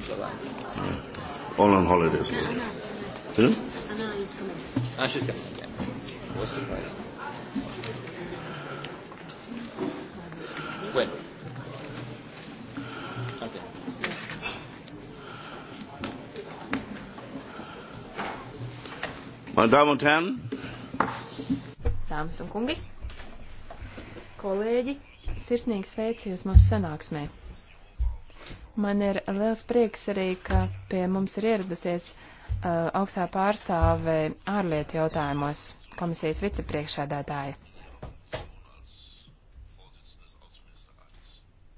All mm. on holidays. Anna. Anna. Anna is coming. Ah, she's coming. Yeah. I was surprised. When? Okay. Meine Damen und Herren, Dāmas un kungi, kolēģi, sirsnīgi sveicu jūs mūsu sanāksmē. Man ir liels prieks arī, ka pie mums ir ieradusies uh, augstā pārstāve ārlietu jautājumos komisijas vicepriekšādātāja.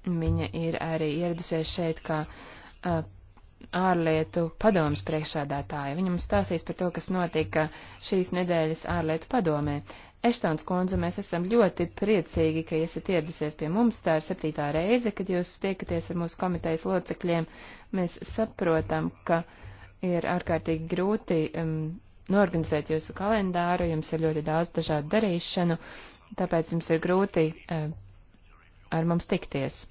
Viņa ir arī ieradusies šeit kā uh, ārlietu padomas priekšādātāja. Viņa mums stāsīs par to, kas notika šīs nedēļas ārlietu padomē. Eštons kundze, mēs esam ļoti priecīgi, ka esat ieradusies pie mums. Tā ir septītā reize, kad jūs tiekaties ar mūsu komitejas locekļiem. Mēs saprotam, ka ir ārkārtīgi grūti um, norganizēt jūsu kalendāru, jums ir ļoti daudz dažādu darīšanu, tāpēc jums ir grūti um, ar mums tikties.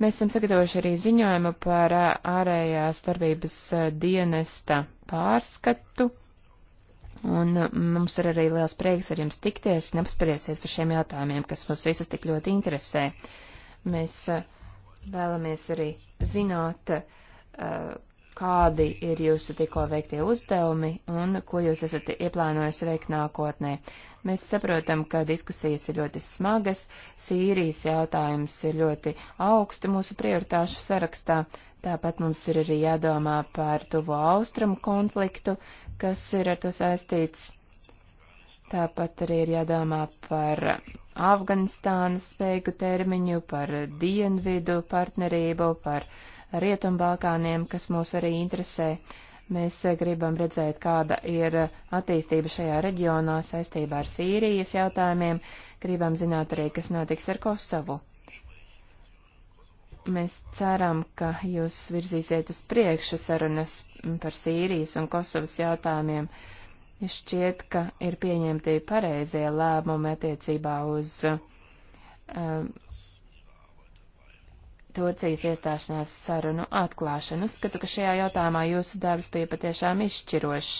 Mēs esam sagatavojuši arī ziņojumu par uh, ārējās darbības uh, dienesta pārskatu Un uh, mums ir arī liels prieks ar jums tikties un apspriesties par šiem jautājumiem, kas mūs visus tik ļoti interesē. Mēs uh, vēlamies arī zināt, uh, kādi ir jūsu tikko veiktie uzdevumi un ko jūs esat ieplānojis veikt nākotnē. Mēs saprotam, ka diskusijas ir ļoti smagas, Sīrijas jautājums ir ļoti augsti mūsu prioritāšu sarakstā, Tāpat mums ir arī jādomā par tuvo austrumu konfliktu, kas ir ar to saistīts. Tāpat arī ir jādomā par Afganistānas spēku termiņu, par dienvidu partnerību, par Rietumbalkāniem, kas mūs arī interesē. Mēs gribam redzēt, kāda ir attīstība šajā reģionā saistībā ar Sīrijas jautājumiem, gribam zināt arī, kas notiks ar Kosovu. Mēs ceram, ka jūs virzīsiet uz priekšu sarunas par Sīrijas un Kosovas jautājumiem. Šķiet, ka ir pieņemti pareizie lēmumi attiecībā uz um, Turcijas iestāšanās sarunu atklāšanu. Uzskatu, ka šajā jautājumā jūsu darbs bija patiešām izšķirošs.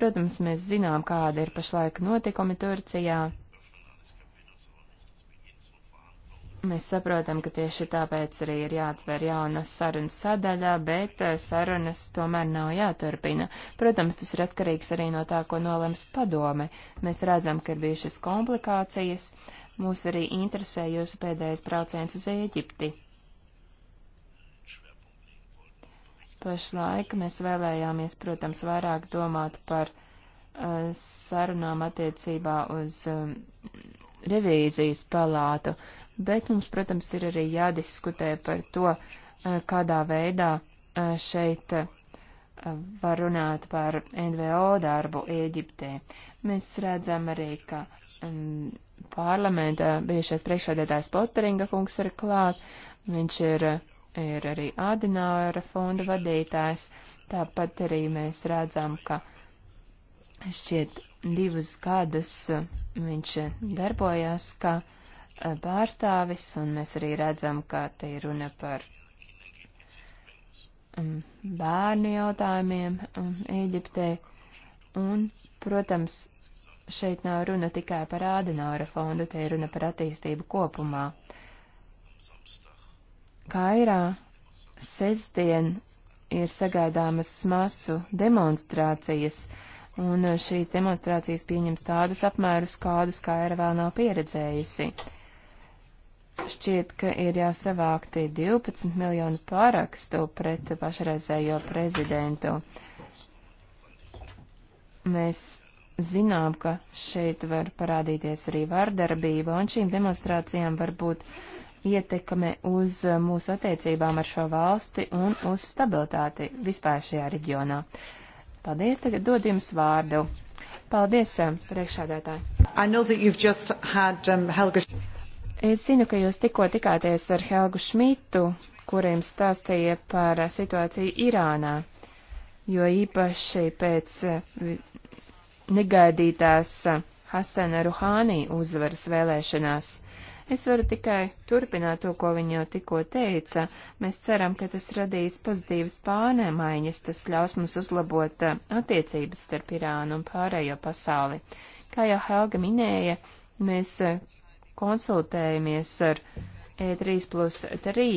Protams, mēs zinām, kāda ir pašlaika notikumi Turcijā. Mēs saprotam, ka tieši tāpēc arī ir jāatver jauna sarunas sadaļā, bet eh, sarunas tomēr nav jāturpina. Protams, tas ir atkarīgs arī no tā, ko nolems padome. Mēs redzam, ka ir bijušas komplikācijas. Mūs arī interesē jūsu pēdējais brauciens uz Ēģipti. Pašlaik mēs vēlējāmies, protams, vairāk domāt par uh, sarunām attiecībā uz um, revīzijas palātu bet mums, protams, ir arī jādiskutē par to, eh, kādā veidā eh, šeit eh, var runāt par NVO darbu Ēģiptē. Mēs redzam arī, ka um, parlamenta bijušais priekšsēdētājs Poteringa kungs ir klāt, viņš ir, ir arī Adināra fonda vadītājs, tāpat arī mēs redzam, ka šķiet divus gadus viņš darbojās, ka uh, Eh, pārstāvis, un mēs arī redzam, ka te ir runa par mm, bērnu jautājumiem mm, Ēģiptē. Un, protams, šeit nav runa tikai par Ādenaura fondu, te ir runa par attīstību kopumā. Kairā sestdien ir sagaidāmas masu demonstrācijas, un šīs demonstrācijas pieņems tādus apmērus, kādus Kaira vēl nav pieredzējusi. Uh, Šķiet, ka ir jau savākti 12 miljoni pārakstu pret pašreizējo prezidentu. Mēs zinām, ka šeit var parādīties arī vardarbība, un šīm demonstrācijām var būt ietekme uz mūsu attiecībām ar šo valsti un uz stabilitāti vispār šajā reģionā. Paldies, tagad dod jums vārdu. Paldies, priekšādētāji. Had, um, Helga... Es zinu, ka jūs tikko tikāties ar Helgu Šmitu, kuriem stāstīja par situāciju Irānā, jo īpaši pēc eh, negaidītās eh, Hasana Ruhānī uzvaras vēlēšanās. Es varu tikai turpināt to, ko viņa jau tikko teica. Mēs ceram, ka tas radīs pozitīvas pārnēmaiņas, tas ļaus mums uzlabot eh, attiecības starp Irānu un pārējo pasauli. Kā jau Helga minēja, mēs konsultējamies ar E3 plus 3,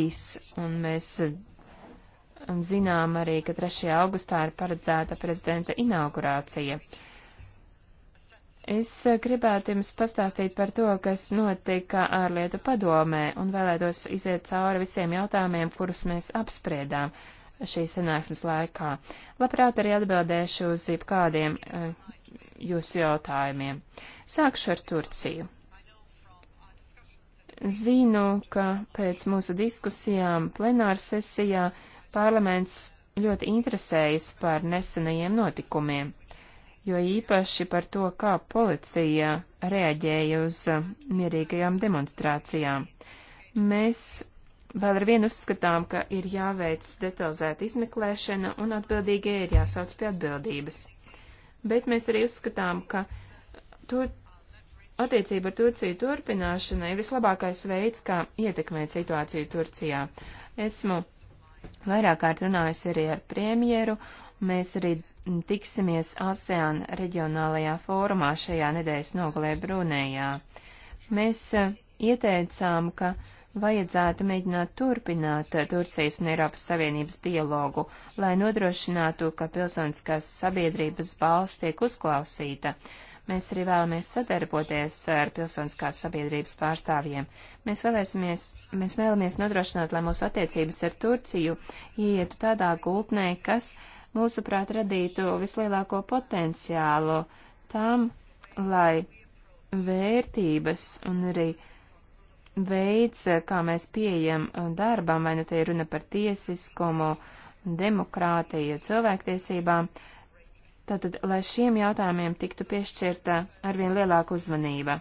un mēs um, zinām arī, ka 3. augustā ir paredzēta prezidenta inaugurācija. Es eh, gribētu jums pastāstīt par to, kas notika ārlietu padomē, un vēlētos iziet cauri visiem jautājumiem, kurus mēs apspriedām šīs sanāksmes laikā. Labprāt arī atbildēšu uz jebkādiem eh, jūsu jautājumiem. Sākšu ar Turciju. Zinu, ka pēc mūsu diskusijām plenāra sesijā parlaments ļoti interesējas par nesenajiem notikumiem, jo īpaši par to, kā policija reaģēja uz mierīgajām demonstrācijām. Mēs vēl ar vienu uzskatām, ka ir jāveic detalizēta izmeklēšana un atbildīgie ir jāsauc pie atbildības. Bet mēs arī uzskatām, ka tur Attiecība ar Turciju turpināšana ir vislabākais veids, kā ietekmēt situāciju Turcijā. Esmu vairāk kārt runājusi arī ar premjeru, mēs arī tiksimies ASEAN reģionālajā fórumā šajā nedēļas nogalē Brunējā. Mēs eh, ieteicām, ka vajadzētu mēģināt turpināt eh, Turcijas un Eiropas Savienības dialogu, lai nodrošinātu, ka pilsoniskās sabiedrības balss tiek uzklausīta. Mēs arī vēlamies sadarboties ar pilsoniskās sabiedrības pārstāvjiem. Mēs, mēs vēlamies nodrošināt, lai mūsu attiecības ar Turciju ietu tādā gultnē, kas, mūsuprāt, radītu vislielāko potenciālu tam, lai vērtības un arī veids, kā mēs pieejam darbam, vai nu te ir runa par tiesiskumu, demokrātiju, cilvēktiesībām, uh, Tātad, lai šiem jautājumiem tiktu piešķirta arvien lielāka uzmanība.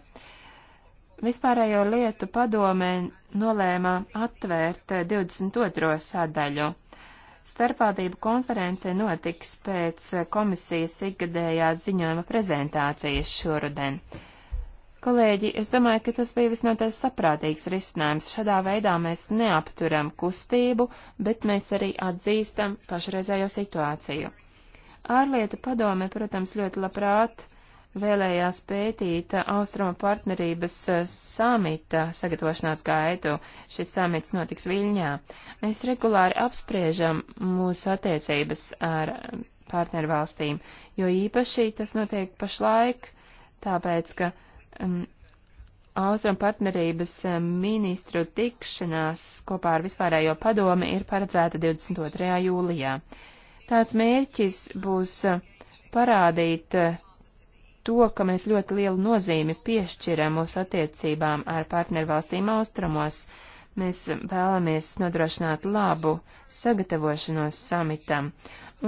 Vispārējo lietu padomē nolēma atvērt 22. sadaļu. Starpvaldību konference notiks pēc komisijas ikgadējās ziņojuma prezentācijas šoruden. Kolēģi, es domāju, ka tas bija visnotaļ saprātīgs risinājums. Šādā veidā mēs neapturam kustību, bet mēs arī atzīstam pašreizējo situāciju. Ārlietu padome, protams, ļoti labprāt vēlējās pētīt Austruma partnerības eh, samita sagatavošanās gaitu. Šis samits notiks Viļņā. Mēs regulāri apspriežam mūsu attiecības ar partnervalstīm, jo īpaši tas notiek pašlaik, tāpēc, ka um, mm, Austrum partnerības eh, ministru tikšanās kopā ar vispārējo padomi ir paredzēta 22. jūlijā. Uh, Tās mērķis būs uh, parādīt uh, to, ka mēs ļoti lielu nozīmi piešķiram mūsu attiecībām ar partnervalstīm austrumos. Mēs vēlamies nodrošināt labu sagatavošanos samitam,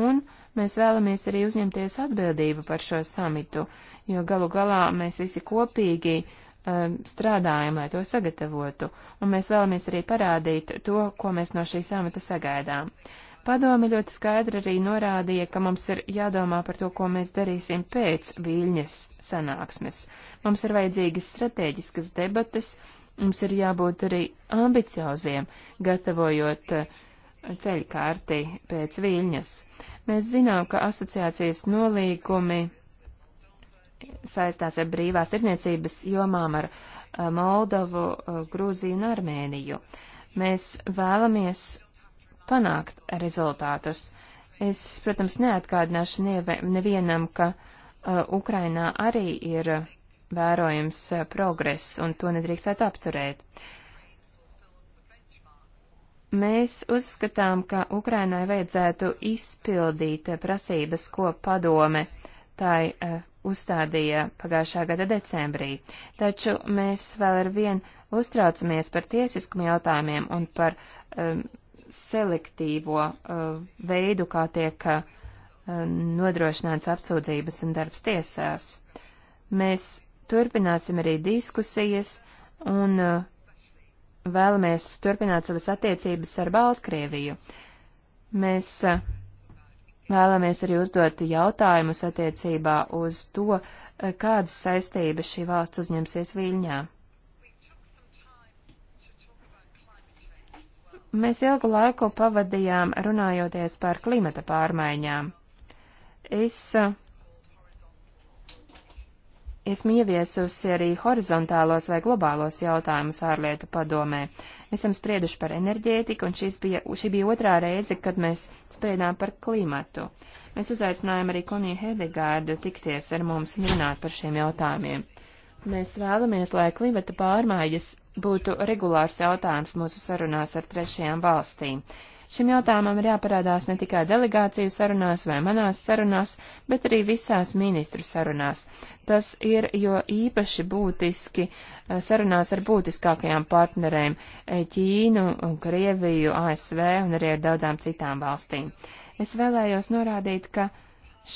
un mēs vēlamies arī uzņemties atbildību par šo samitu, jo galu galā mēs visi kopīgi um, strādājam, lai to sagatavotu, un mēs vēlamies arī parādīt to, ko mēs no šī samita sagaidām. Uh, Padome ļoti skaidri arī norādīja, ka mums ir jādomā par to, ko mēs darīsim pēc Viļņas sanāksmes. Mums ir vajadzīgas strateģiskas debates, mums ir jābūt arī ambicioziem, gatavojot eh, ceļkārti pēc Viļņas. Mēs zinām, ka asociācijas nolīgumi saistās ar brīvās irniecības jomām ar eh, Moldovu, eh, Grūziju un Armēniju. Mēs vēlamies panākt rezultātus. Es, protams, neatgādināšu nevienam, ka uh, Ukrainā arī ir vērojams uh, progress, un to nedrīkstētu apturēt. Mēs uzskatām, ka Ukrainai vajadzētu izpildīt uh, prasības, ko padome tai uh, uzstādīja pagājušā gada decembrī, taču mēs vēl ar vien uztraucamies par tiesiskumu jautājumiem un par um, selektīvo uh, veidu, kā tiek uh, nodrošināts apsūdzības un darbs tiesās. Mēs turpināsim arī diskusijas un uh, vēlamies turpināt savas attiecības ar Baltkrieviju. Mēs uh, vēlamies arī uzdot jautājumus attiecībā uz to, uh, kādas saistības šī valsts uzņemsies Viļņā. Mēs ilgu laiku pavadījām runājoties par klimata pārmaiņām. Es esmu ieviesusi arī horizontālos vai globālos jautājumus ārlietu padomē. Esam sprieduši par enerģētiku, un bija, šī bija otrā reize, kad mēs spriedām par klimatu. Mēs uzaicinājām arī Koniju Hedegārdu tikties ar mums un runāt par šiem jautājumiem. Mēs vēlamies, lai klimata pārmaiņas būtu regulārs jautājums mūsu sarunās ar trešajām valstīm. Šim jautājumam ir jāparādās ne tikai delegāciju sarunās vai manās sarunās, bet arī visās ministru sarunās. Tas ir jo īpaši būtiski eh, sarunās ar būtiskākajām partnerēm eh, - Ķīnu, Krieviju, ASV un arī ar daudzām citām valstīm. Es vēlējos norādīt, ka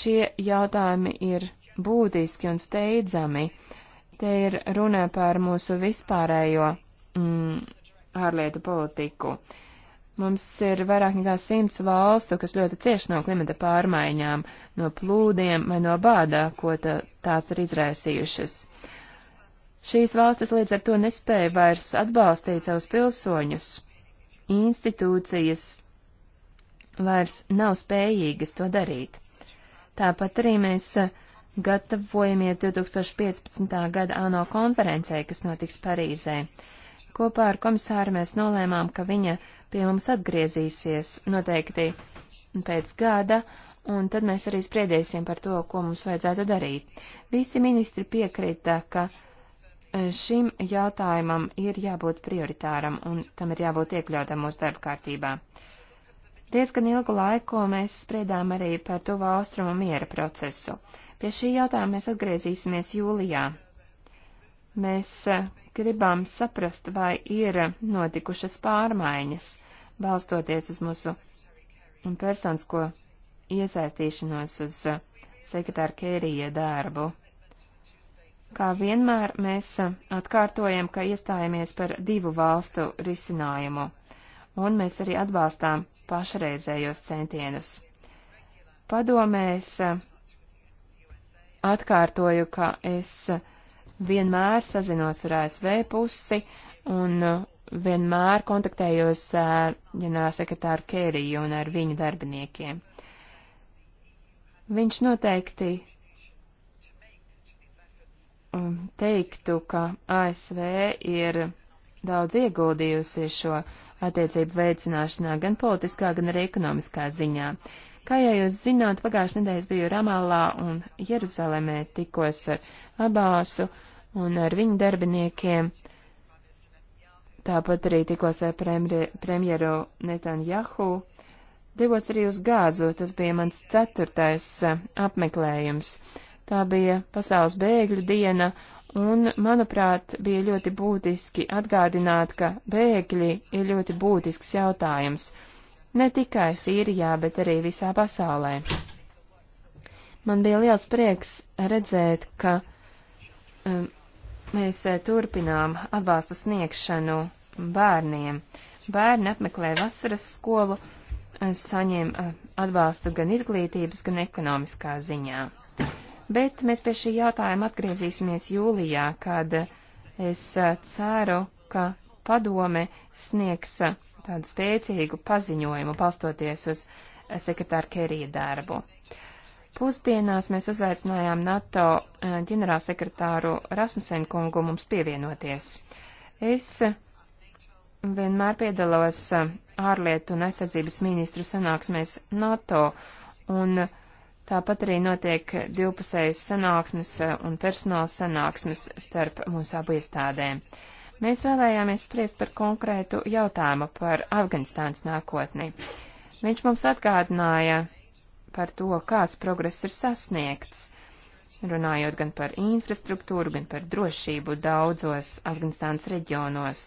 šie jautājumi ir būtiski un steidzami Te ir runa par mūsu vispārējo mm, ārlietu politiku. Mums ir vairāk nekā simts valstu, kas ļoti cieši no klimata pārmaiņām, no plūdiem vai no bādā, ko tā, tās ir izraisījušas. Šīs valstis līdz ar to nespēja vairs atbalstīt savus pilsoņus. Institūcijas vairs nav spējīgas to darīt. Tāpat arī mēs uh, gatavojamies 2015. gada ANO konferencei, kas notiks Parīzē. Kopā ar komisāru mēs nolēmām, ka viņa pie mums atgriezīsies noteikti pēc gada, un tad mēs arī spriedēsim par to, ko mums vajadzētu darīt. Visi ministri piekrita, ka e, šim jautājumam ir jābūt prioritāram, un tam ir jābūt iekļautam mūsu darba kārtībā. Uh, Diezgan ilgu laiku mēs spriedām arī par tuvā austrumu miera procesu. Pie šī jautājuma mēs atgriezīsimies jūlijā. Mēs eh, gribam saprast, vai ir notikušas pārmaiņas, balstoties uz mūsu personisko iesaistīšanos uz eh, sekretāra Kērija darbu. Kā vienmēr mēs eh, atkārtojam, ka iestājamies par divu valstu risinājumu un mēs arī atbalstām pašreizējos centienus. Padomēs atkārtoju, ka es vienmēr sazinos ar ASV pusi un vienmēr kontaktējos ar ģenerālsekretāru Kēriju un ar viņa darbiniekiem. Viņš noteikti um, teiktu, ka ASV ir daudz ieguldījusi šo attiecību veicināšanā gan politiskā, gan arī ekonomiskā ziņā. Kā jau jūs zināt, pagājušajā nedēļā biju Ramallā un Jeruzalemē tikos ar Abāsu un ar viņu darbiniekiem. Tāpat arī tikos ar premjeru Netanjahu. Devos arī uz gāzu, tas bija mans ceturtais eh, apmeklējums. Tā bija pasaules bēgļu diena, Un, manuprāt, bija ļoti būtiski atgādināt, ka bēgļi ir ļoti būtisks jautājums ne tikai Sīrijā, bet arī visā pasaulē. Man bija liels prieks redzēt, ka um, mēs eh, turpinām atbalsta sniegšanu bērniem. Bērni apmeklē vasaras skolu, eh, saņem eh, atbalstu gan izglītības, gan ekonomiskā ziņā bet mēs pie šī jautājuma atgriezīsimies jūlijā, kad es eh, ceru, ka padome sniegs eh, tādu spēcīgu paziņojumu, palstoties uz eh, sekretāra Kerija darbu. Pusdienās mēs uzaicinājām NATO ģenerālsekretāru Rasmusenu kungu mums pievienoties. Es vienmēr piedalos ārlietu un aizsardzības ministru sanāksmēs NATO, un uh, Tāpat arī notiek divpusējas sanāksmes eh, un personāla sanāksmes starp mūsu abu iestādēm. Mēs vēlējāmies spriest par konkrētu jautājumu par Afganistānas nākotni. Viņš mums atgādināja par to, kāds progress ir sasniegts, runājot gan par infrastruktūru, gan par drošību daudzos Afganistānas reģionos.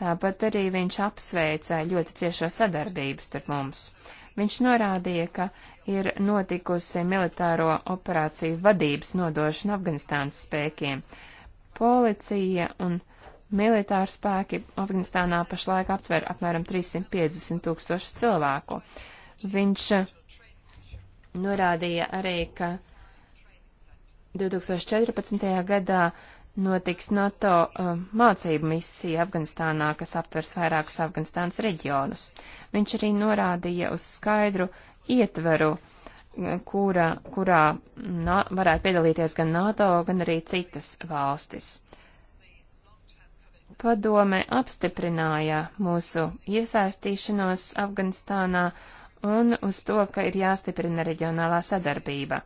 Tāpat arī viņš apsveica ļoti ciešo sadarbību starp mums. Viņš norādīja, ka ir notikusi militāro operāciju vadības nodošana Afganistānas spēkiem. Policija un militāri spēki Afganistānā pašlaik aptver apmēram 350 tūkstošu cilvēku. Viņš norādīja arī, ka 2014. gadā notiks NATO uh, mācību misija Afganistānā, kas aptvers vairākus Afganistānas reģionus. Viņš arī norādīja uz skaidru ietveru, uh, kura, kurā na, varētu piedalīties gan NATO, gan arī citas valstis. Padome apstiprināja mūsu iesaistīšanos Afganistānā un uz to, ka ir jāstiprina reģionālā sadarbība.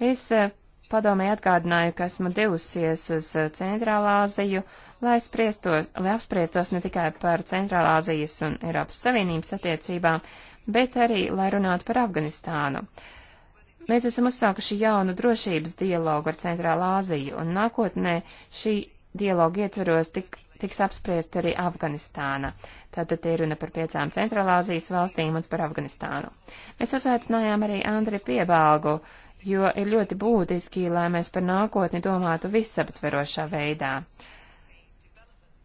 Es uh, padomē atgādināju, ka esmu devusies uz eh, Centrālā Aziju, lai, spriestos, lai apspriestos ne tikai par Centrālā Azijas un Eiropas Savienības attiecībām, bet arī, lai runātu par Afganistānu. Mēs esam uzsākuši jaunu drošības dialogu ar Centrālā Aziju, un nākotnē šī dialoga ietveros tik, tiks apspriest arī Afganistāna. Tātad ir runa par piecām Centrālā Azijas valstīm un par Afganistānu. Mēs uzaicinājām arī Andri Piebalgu, jo ir ļoti būtiski, lai mēs par nākotni domātu visaptverošā veidā.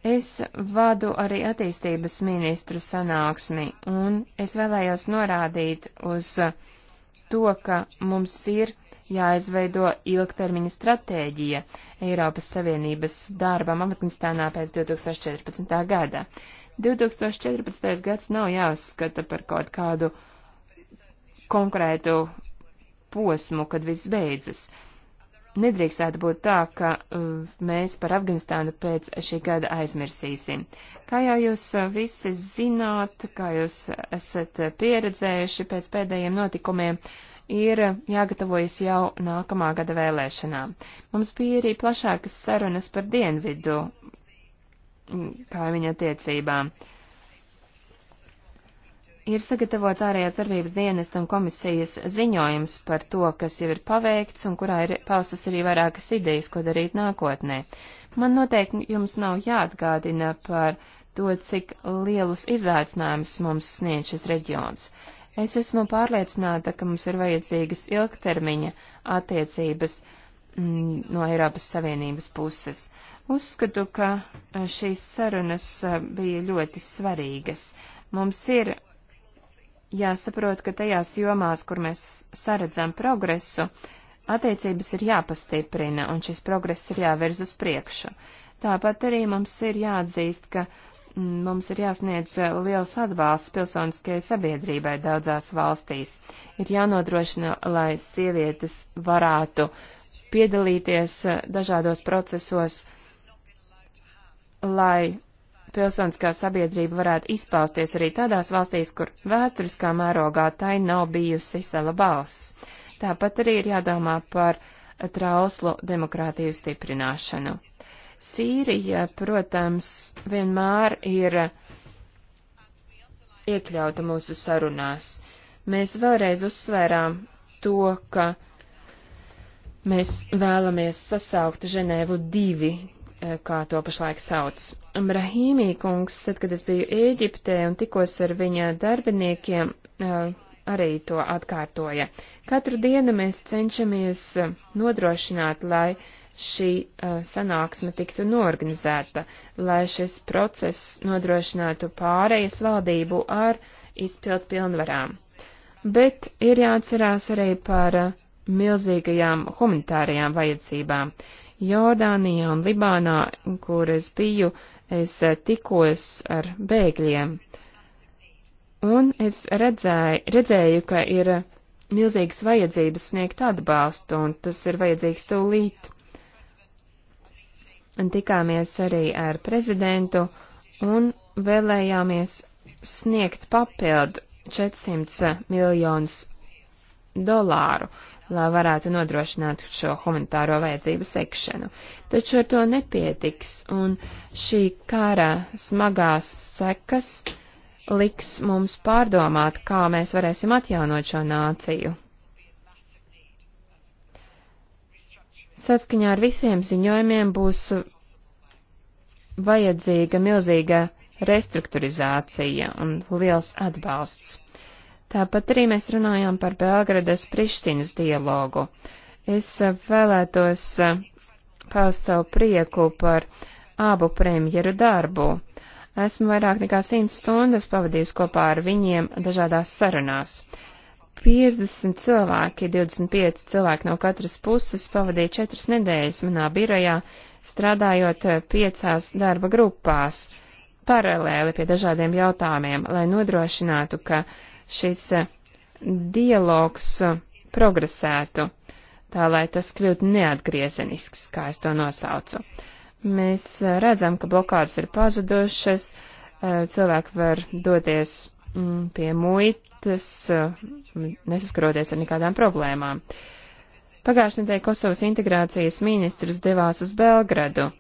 Es vadu arī attīstības ministru sanāksmi, un es vēlējos norādīt uz to, ka mums ir jāizveido ilgtermiņa stratēģija Eiropas Savienības darbam Afganistānā pēc 2014. gada. 2014. gads nav jāuzskata par kaut kādu konkrētu posmu, kad viss beidzas. Nedrīkstētu būt tā, ka uh, mēs par Afganistānu pēc šī gada aizmirsīsim. Kā jau jūs uh, visi zināt, kā jūs esat uh, pieredzējuši pēc pēdējiem notikumiem, ir uh, jāgatavojas jau nākamā gada vēlēšanām. Mums bija arī plašākas sarunas par dienvidu mm, kaimiņa attiecībām. Uh, Ir sagatavots ārējās darbības dienas un komisijas ziņojums par to, kas jau ir paveikts un kurā ir paustas arī vairākas idejas, ko darīt nākotnē. Man noteikti jums nav jāatgādina par to, cik lielus izaicinājumus mums sniedz šis reģions. Es esmu pārliecināta, ka mums ir vajadzīgas ilgtermiņa attiecības mm, no Eiropas Savienības puses. Uzskatu, ka šīs sarunas eh, bija ļoti svarīgas. Mums ir jāsaprot, ka tajās jomās, kur mēs saredzam progresu, attiecības ir jāpastiprina, un šis progress ir jāvirz uz priekšu. Tāpat arī mums ir jāatzīst, ka mm, mums ir jāsniedz eh, liels atbalsts pilsoniskajai sabiedrībai daudzās valstīs. Ir jānodrošina, lai sievietes varētu piedalīties eh, dažādos procesos, lai pilsoniskā sabiedrība varētu izpausties arī tādās valstīs, kur vēsturiskā mērogā tai nav bijusi sava balss. Tāpat arī ir jādomā par trauslu demokrātiju stiprināšanu. Sīrija, protams, vienmēr ir iekļauta mūsu sarunās. Mēs vēlreiz uzsvērām to, ka mēs vēlamies sasaukt Ženēvu divi, Eh, kā to pašlaik sauc. Brahīmī kungs, tad, kad es biju Ēģiptē un tikos ar viņa darbiniekiem, eh, arī to atkārtoja. Katru dienu mēs cenšamies eh, nodrošināt, lai šī sanāksme tiktu norganizēta, lai šis process nodrošinātu pārējas valdību ar izpild pilnvarām. Bet ir jāatcerās arī par milzīgajām humanitārajām vajadzībām. Jordānijā un Libānā, kur es biju, es eh, tikos ar bēgļiem. Un es redzēju, redzēju ka ir milzīgas vajadzības sniegt atbalstu, un tas ir vajadzīgs tūlīt. Un tikāmies arī ar prezidentu un vēlējāmies sniegt papildu 400 miljonus dolāru, lai varētu nodrošināt šo humanitāro vajadzību sekšanu. Taču ar to nepietiks, un šī kara smagās sekas liks mums pārdomāt, kā mēs varēsim atjaunot šo nāciju. Saskaņā ar visiem ziņojumiem būs vajadzīga milzīga restruktūrizācija un liels atbalsts. Tāpat arī mēs runājām par Belgradas Prištinas dialogu. Es eh, vēlētos eh, paust savu prieku par abu premjeru darbu. Esmu vairāk nekā 100 stundas pavadījis kopā ar viņiem dažādās sarunās. 50 cilvēki, 25 cilvēki no katras puses pavadīja 4 nedēļas manā birojā, strādājot eh, piecās darba grupās, paralēli pie dažādiem jautājumiem, lai nodrošinātu, ka uh, šis eh, dialogs eh, progresētu, tā lai tas kļūtu neatgriezenisks, kā es to nosaucu. Mēs eh, redzam, ka blokādes ir pazudušas, cilvēki var doties mm, pie muitas, nesaskaroties ar nekādām problēmām. Pagājušajā nedēļā Kosovas integrācijas ministrs devās uz Belgradu.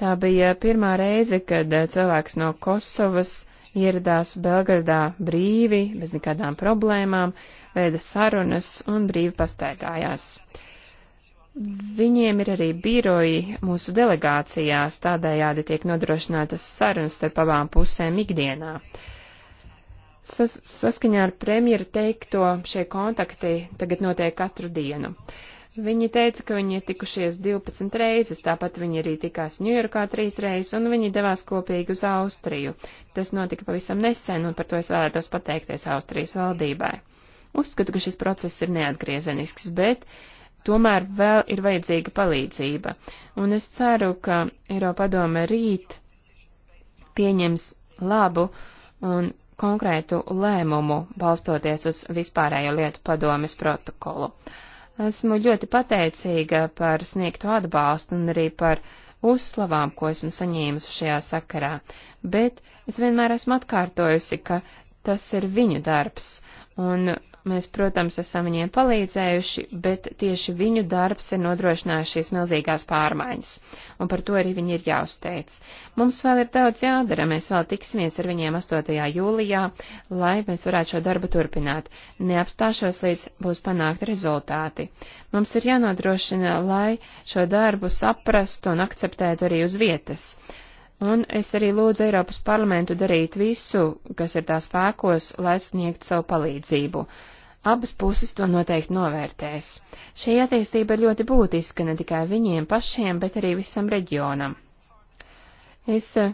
Tā bija pirmā reize, kad cilvēks no Kosovas ieradās Belgradā brīvi, bez nekādām problēmām, veida sarunas un brīvi pastaigājās. Viņiem ir arī biroji mūsu delegācijās, tādējādi tiek nodrošinātas sarunas starp abām pusēm ikdienā. Sas, saskaņā ar premjeru teikto, šie kontakti tagad notiek katru dienu. Uh, Viņi teica, ka viņi ir tikušies 12 reizes, tāpat viņi arī tikās Ņujorkā trīs reizes, un viņi devās kopīgi uz Austriju. Tas notika pavisam nesen, un par to es vēlētos pateikties Austrijas valdībai. Uzskatu, ka šis process ir neatgriezenisks, bet tomēr vēl ir vajadzīga palīdzība, un es ceru, ka Eiropadome rīt pieņems labu un konkrētu lēmumu, balstoties uz vispārējo lietu padomes protokolu. Uh, Esmu ļoti pateicīga par sniegto atbalstu un arī par uzslavām, ko esmu saņēmusi šajā sakarā, bet es vienmēr esmu atkārtojusi, ka tas ir viņu darbs, un Mēs, protams, esam viņiem palīdzējuši, bet tieši viņu darbs ir nodrošinājis šīs milzīgās pārmaiņas, un par to arī viņi ir jāuzteic. Mums vēl ir daudz jādara, mēs vēl tiksimies ar viņiem 8. jūlijā, lai mēs varētu šo darbu turpināt. Neapstāšos, līdz būs panākti rezultāti. Mums ir jānodrošina, lai šo darbu saprastu un akceptētu arī uz vietas un es arī lūdzu Eiropas parlamentu darīt visu, kas ir tā spēkos, lai sniegtu savu palīdzību. Abas puses to noteikti novērtēs. Šī attīstība ir ļoti būtiska ne tikai viņiem pašiem, bet arī visam reģionam. Es eh,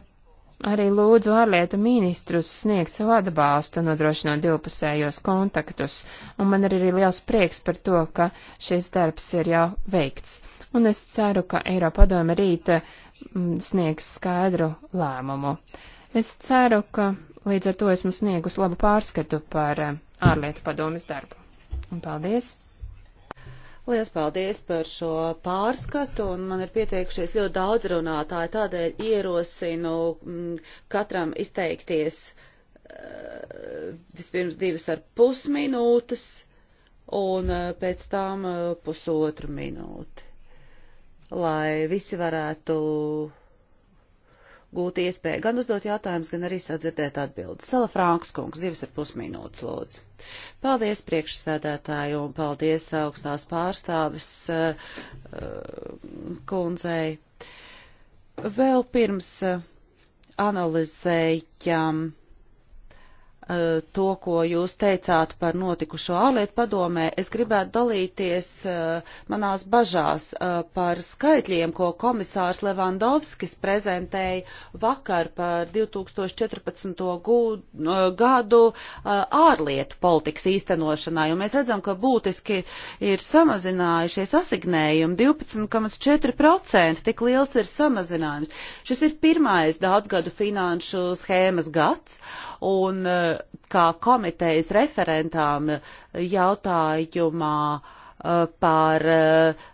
arī lūdzu ārlietu ministrus sniegt savu atbalstu, nodrošinot divpusējos kontaktus, un man ir arī liels prieks par to, ka šis darbs ir jau veikts. Un es ceru, ka Eiropa padome rīt mm, sniegs skaidru lēmumu. Es ceru, ka līdz ar to esmu sniegus labu pārskatu par eh, ārlietu padomas darbu. Un paldies! Lielas paldies par šo pārskatu, un man ir pieteikušies ļoti daudz runātāji, tādēļ ierosinu mm, katram izteikties eh, vispirms divas ar pus minūtes, un eh, pēc tam pusotru minūti, lai visi varētu gūt iespēju gan uzdot jautājumus, gan arī sadzirdēt atbildes. Sala Franks kungs, divas ar pus minūtes, lūdzu. Paldies priekšsēdētāju un paldies augstās pārstāvis uh, kundzei. Vēl pirms eh, analizējam. Um, Eh, to, ko jūs teicāt par notikušo ārlietu padomē, es gribētu dalīties eh, manās bažās eh, par skaitļiem, ko komisārs Levandovskis prezentēja vakar par 2014. gadu ārlietu politikas īstenošanā, jo mēs redzam, ka būtiski ir samazinājušies asignējumi 12,4%, tik liels ir samazinājums. Šis ir pirmais daudzgadu finanšu schēmas gads, un kā komitejas referentām jautājumā eh, par eh,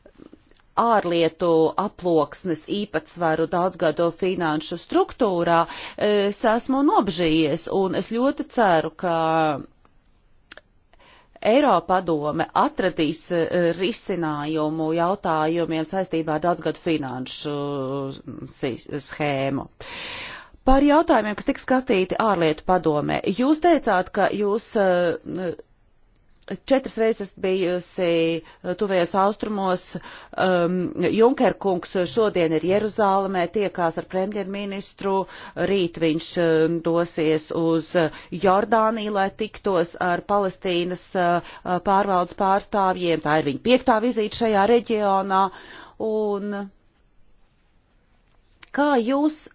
ārlietu aploksnes īpatsvaru daudzgado finanšu struktūrā, eh, es esmu nobžījies un es ļoti ceru, ka Eiropadome atradīs risinājumu jautājumiem saistībā ar daudzgadu finanšu schēmu. Uh, Par jautājumiem, kas tika skatīti ārlietu padomē, jūs teicāt, ka jūs eh, četras reizes bijusi eh, tuvējos austrumos. Um, Junker kungs šodien ir Jeruzālēmē, tiekās ar premjerministru, rīt viņš um, dosies uz Jordāniju, lai tiktos ar Palestīnas uh, pārvaldes pārstāvjiem. Tā ir viņa piektā vizīte šajā reģionā. Un kā jūs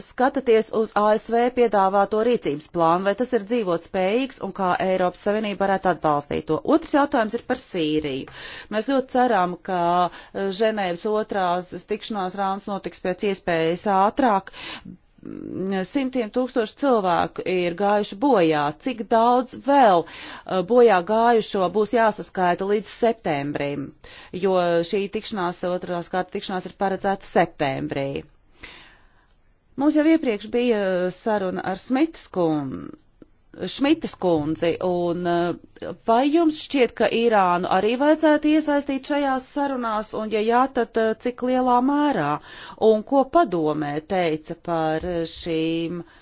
skatāties uz ASV piedāvāto rīcības plānu, vai tas ir dzīvot spējīgs un kā Eiropas Savienība varētu atbalstīt to? Otrs jautājums ir par Sīriju. Mēs ļoti ceram, ka eh, Ženēvas otrās tikšanās rāns notiks pēc iespējas ātrāk, mm, simtiem tūkstoši cilvēku ir gājuši bojā. Cik daudz vēl eh, bojā gājušo būs jāsaskaita līdz septembrim, jo šī tikšanās, otrās kārtas tikšanās ir paredzēta septembrī. Mums jau iepriekš bija uh, saruna ar Smitas kundzi, Šmitas kundzi, un uh, vai jums šķiet, ka Irānu arī vajadzētu iesaistīt šajās sarunās, un ja jā, tad uh, cik lielā mērā, un ko padomē teica par šīm uh,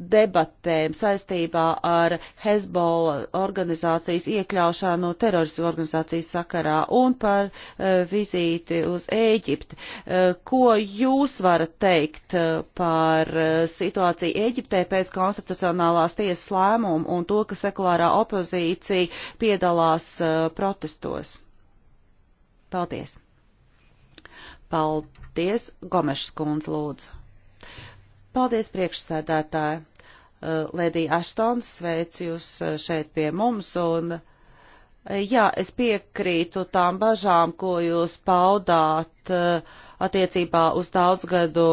debatēm saistībā ar Hezbollah organizācijas iekļaušanu terorismu organizācijas sakarā un par uh, vizīti uz Ēģipti. Uh, ko jūs varat teikt uh, par uh, situāciju Ēģiptē pēc konstitucionālās tiesas lēmumu un to, ka sekulārā opozīcija piedalās uh, protestos? Paldies! Paldies, Gomešs kundz lūdzu. Paldies, priekšsēdētāji! Uh, Lēdija Aštons sveic jūs uh, šeit pie mums un uh, jā, es piekrītu tām bažām, ko jūs paudāt attiecībā uz daudzgadu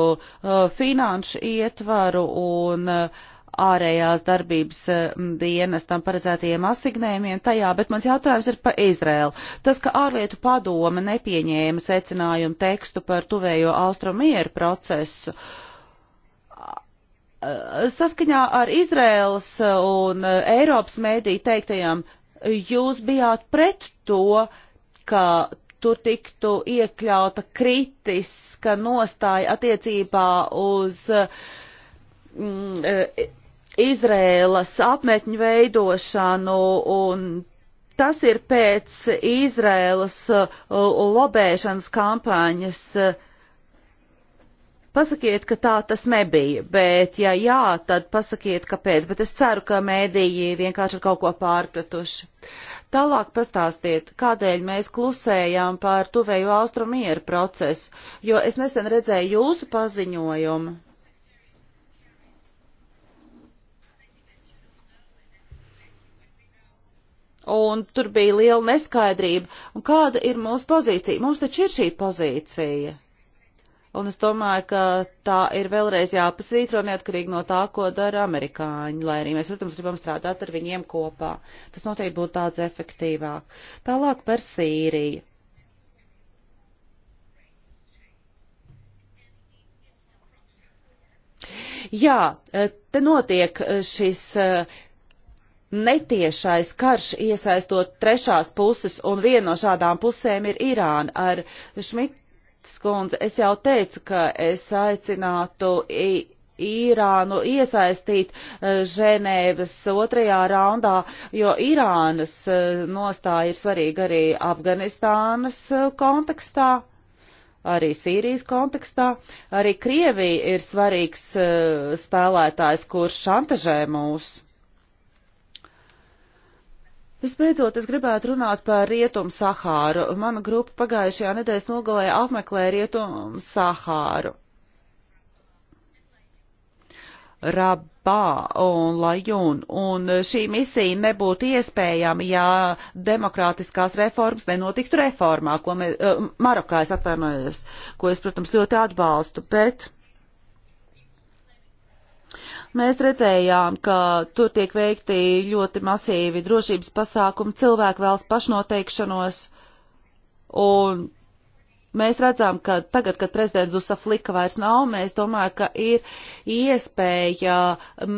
finanšu ietvaru un ārējās darbības dienas tam paredzētajiem asignējumiem tajā, bet mans jautājums ir pa Izrēlu. Tas, ka ārlietu padome nepieņēma secinājumu tekstu par tuvējo austrumieru procesu, uh, Eh, saskaņā ar Izraēlas eh, un eh, Eiropas mēdī teiktajām, jūs bijāt pret to, ka tur tiktu iekļauta kritiska nostāja attiecībā uz mm, Izrēlas apmetņu veidošanu un tas ir pēc Izrēlas lobēšanas kampaņas uh, Pasakiet, ka tā tas nebija, bet ja jā, tad pasakiet, kāpēc, bet es ceru, ka mēdīji vienkārši ir kaut ko pārpratuši. Tālāk pastāstiet, kādēļ mēs klusējām par tuvēju austru mieru procesu, jo es nesen redzēju jūsu paziņojumu. Un tur bija liela neskaidrība. Un kāda ir mūsu pozīcija? Mums taču ir šī pozīcija. Un es domāju, ka tā ir vēlreiz jāpasvītro neatkarīgi no tā, ko dara amerikāņi, lai arī mēs, protams, gribam strādāt ar viņiem kopā. Tas noteikti būtu tāds efektīvāk. Tālāk par Sīriju. Jā, te notiek šis eh, netiešais karš iesaistot trešās puses, un viena no šādām pusēm ir Irāna ar Šmit skundze, es jau teicu, ka es aicinātu Irānu iesaistīt e, Ženēvas otrajā raundā, jo Irānas e, nostāja ir svarīga arī Afganistānas e, kontekstā arī Sīrijas kontekstā. Arī Krievija ir svarīgs uh, spēlētājs, kurš šantažē mūs. Visbeidzot, es gribētu runāt par Rietumu Sahāru. Mana grupa pagājušajā nedēļas nogalē apmeklēja Rietumu Sahāru. Rabā un Lajun, un šī misija nebūtu iespējama, ja demokrātiskās reformas nenotiktu reformā, ko mēs, eh, Marokā es atvainojos, ko es, protams, ļoti atbalstu, bet Mēs redzējām, ka tur tiek veikti ļoti masīvi drošības pasākumi, cilvēki vēlas pašnoteikšanos, un Mēs redzam, ka tagad, kad prezidents Dusaflika vairs nav, mēs domājam, ka ir iespēja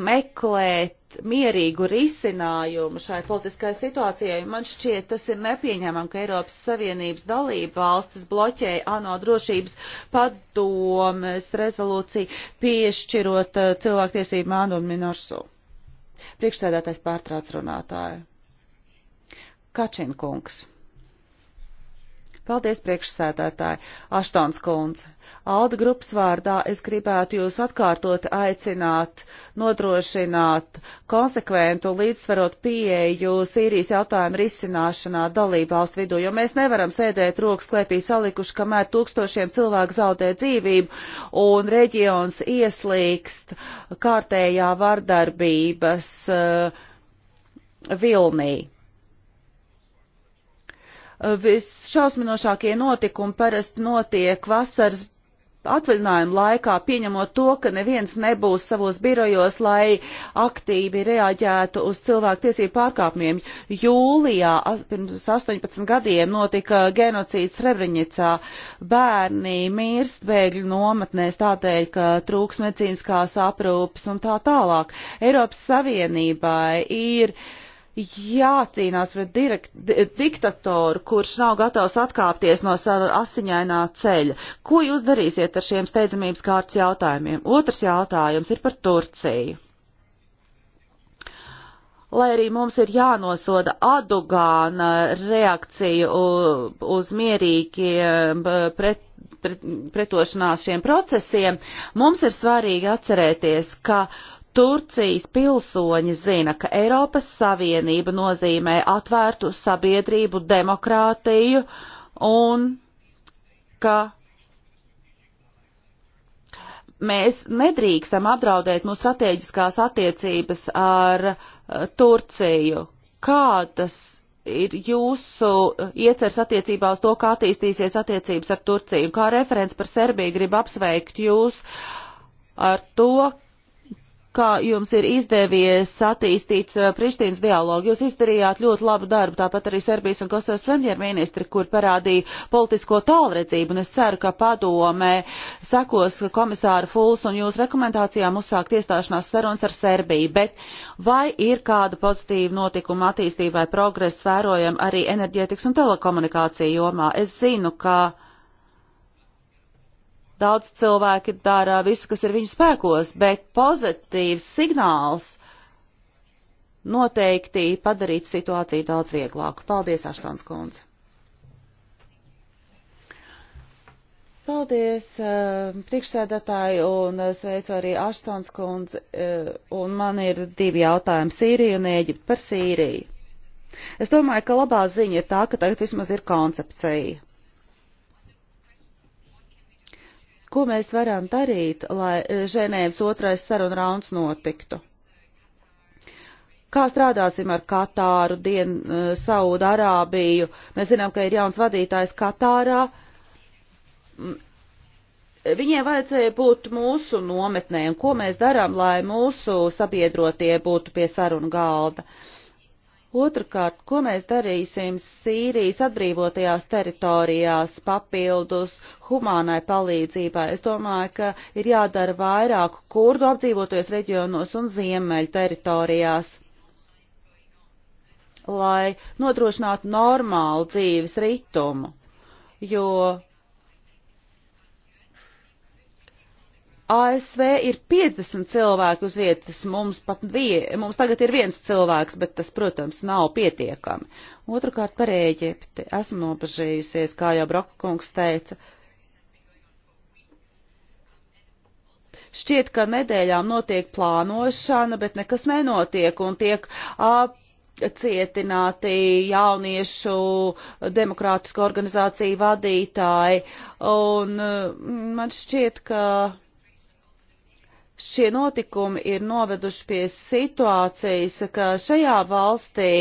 meklēt mierīgu risinājumu šai politiskai situācijai. Man šķiet, tas ir nepieņemam, ka Eiropas Savienības dalība valstis bloķēja ANO drošības padomes rezolūciju piešķirot uh, cilvēktiesību mānu un minorsu. Priekšsēdētais pārtrauc runātāju. Kačinkungs. Paldies, priekšsēdētāji, Aštons kundze. Alda grupas vārdā es gribētu jūs atkārtot aicināt nodrošināt konsekventu līdzsvarot pieeju Sīrijas jautājumu risināšanā dalību valstu vidū, jo mēs nevaram sēdēt rokas klēpī salikuši, kamēr tūkstošiem cilvēku zaudē dzīvību un reģions ieslīkst kārtējā vardarbības uh, vilnī. Visšausminošākie notikumi parasti notiek vasaras atvaļinājuma laikā, pieņemot to, ka neviens nebūs savos birojos, lai aktīvi reaģētu uz cilvēku tiesību pārkāpumiem. Jūlijā pirms 18 gadiem notika genocīds Srebrenicā. Bērni mirst bēgļu nometnēs tādēļ, ka trūks medicīniskās aprūpes un tā tālāk. Eiropas Savienībai ir uh, jācīnās pret direkt, diktatoru, kurš nav gatavs atkāpties no sava asiņainā ceļa. Ko jūs darīsiet ar šiem steidzamības kārtas jautājumiem? Otrs jautājums ir par Turciju. Lai arī mums ir jānosoda Adugāna reakcija uz mierīgiem pret, pret, pretošanās šiem procesiem, mums ir svarīgi atcerēties, ka uh, Turcijas pilsoņi zina, ka Eiropas Savienība nozīmē atvērtu sabiedrību, demokrātiju un ka mēs nedrīkstam apdraudēt mūsu strateģiskās attiecības ar eh, Turciju. Kādas ir jūsu iecers attiecībā uz to, kā attīstīsies attiecības ar Turciju? Kā referents par Serbiju grib apsveikt jūs ar to, kā jums ir izdevies attīstīt uh, Prištīnas dialogu. Jūs izdarījāt ļoti labu darbu, tāpat arī Serbijas un Kosovas premjerministri, kur parādīja politisko tālredzību, un es ceru, ka padomē sekos komisāra Fuls un jūs rekomendācijām uzsākt iestāšanās sarunas ar Serbiju, bet vai ir kāda pozitīva notikuma attīstība vai progresa vērojama arī enerģētikas un telekomunikāciju jomā? Es zinu, ka Daudz cilvēki dara visu, kas ir viņu spēkos, bet pozitīvs signāls noteikti padarītu situāciju daudz vieglāku. Paldies, Aštons kundze! Paldies, eh, priekšsēdētāji, un eh, sveicu arī Aštons kundzi, eh, un man ir divi jautājumi - Sīrija un Ēģipte par Sīriju. Es domāju, ka labā ziņa ir tā, ka tagad vismaz ir koncepcija. Ko mēs varam darīt, lai e, Ženēvas otrais saruna rauns notiktu? Kā strādāsim ar Katāru, Dien, e, Saudu Arābiju? Mēs zinām, ka ir jauns vadītājs Katārā. Viņiem vajadzēja būt mūsu nometnē, un ko mēs darām, lai mūsu sabiedrotie būtu pie sarunu galda. Uh, Otrakārt, ko mēs darīsim Sīrijas atbrīvotajās teritorijās papildus humānai palīdzībai? Es domāju, ka ir jādara vairāk kurdu apdzīvotajos reģionos un ziemeļu teritorijās, lai nodrošinātu normālu dzīves ritumu, jo ASV ir 50 cilvēki uz vietas, mums pat vie, mums tagad ir viens cilvēks, bet tas, protams, nav pietiekami. Otrakārt par Ēģipti. Esmu nopažējusies, kā jau Broka kungs teica. Šķiet, ka nedēļām notiek plānošana, bet nekas nenotiek un tiek cietināti jauniešu demokrātisku organizāciju vadītāji. Un mm, man šķiet, ka šie notikumi ir noveduši pie situācijas, ka šajā valstī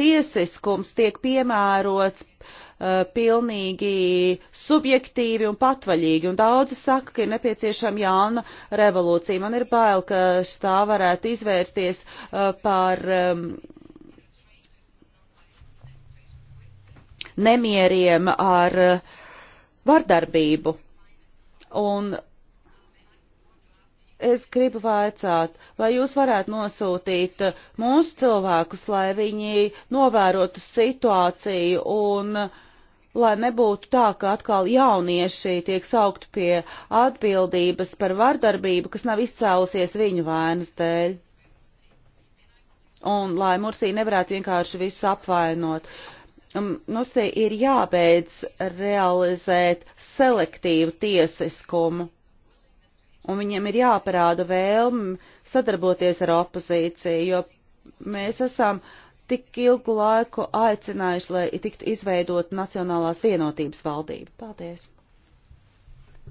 tiesiskums tiek piemērots uh, pilnīgi subjektīvi un patvaļīgi, un daudzi saka, ka ir nepieciešama jauna revolūcija. Man ir bail, ka tā varētu izvērsties uh, par um, nemieriem ar uh, vardarbību. Un Es gribu vaicāt, vai jūs varētu nosūtīt mūsu cilvēkus, lai viņi novērotu situāciju un lai nebūtu tā, ka atkal jaunieši tiek saukt pie atbildības par vardarbību, kas nav izcēlusies viņu vainas dēļ. Un lai Mursī nevarētu vienkārši visus apvainot. Um, Mursī ir jābeidz realizēt selektīvu tiesiskumu un viņiem ir jāparāda vēlme sadarboties ar opozīciju, jo mēs esam tik ilgu laiku aicinājuši, lai tiktu izveidot Nacionālās vienotības valdība. Paldies!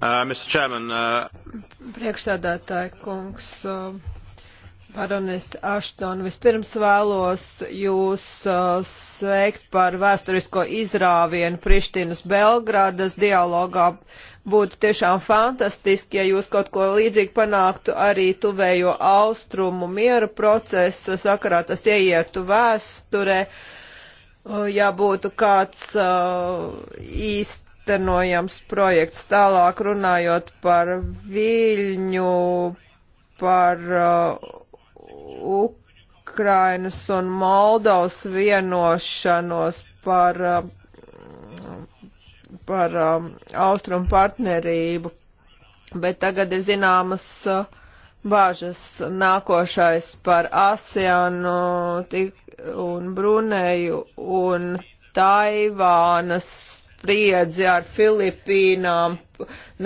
Uh, Chairman, uh... Priekšsēdētāji kungs, uh, Baronis Ašton, vispirms vēlos jūs uh, sveikt par vēsturisko izrāvienu Prištinas Belgrādas dialogā. Būtu tiešām fantastiski, ja jūs kaut ko līdzīgu panāktu arī tuvējo austrumu miera procesa sakarā, tas ieietu vēsturē, uh, ja būtu kāds uh, īsti īstenojams projekts. Tālāk runājot par Viļņu, par uh, Ukrainas un Moldovas vienošanos par, um, par um, austrumu partnerību, bet tagad ir zināmas uh, bāžas nākošais par ASEANu uh, un Bruneju un Taivānas spriedzi ar Filipīnām,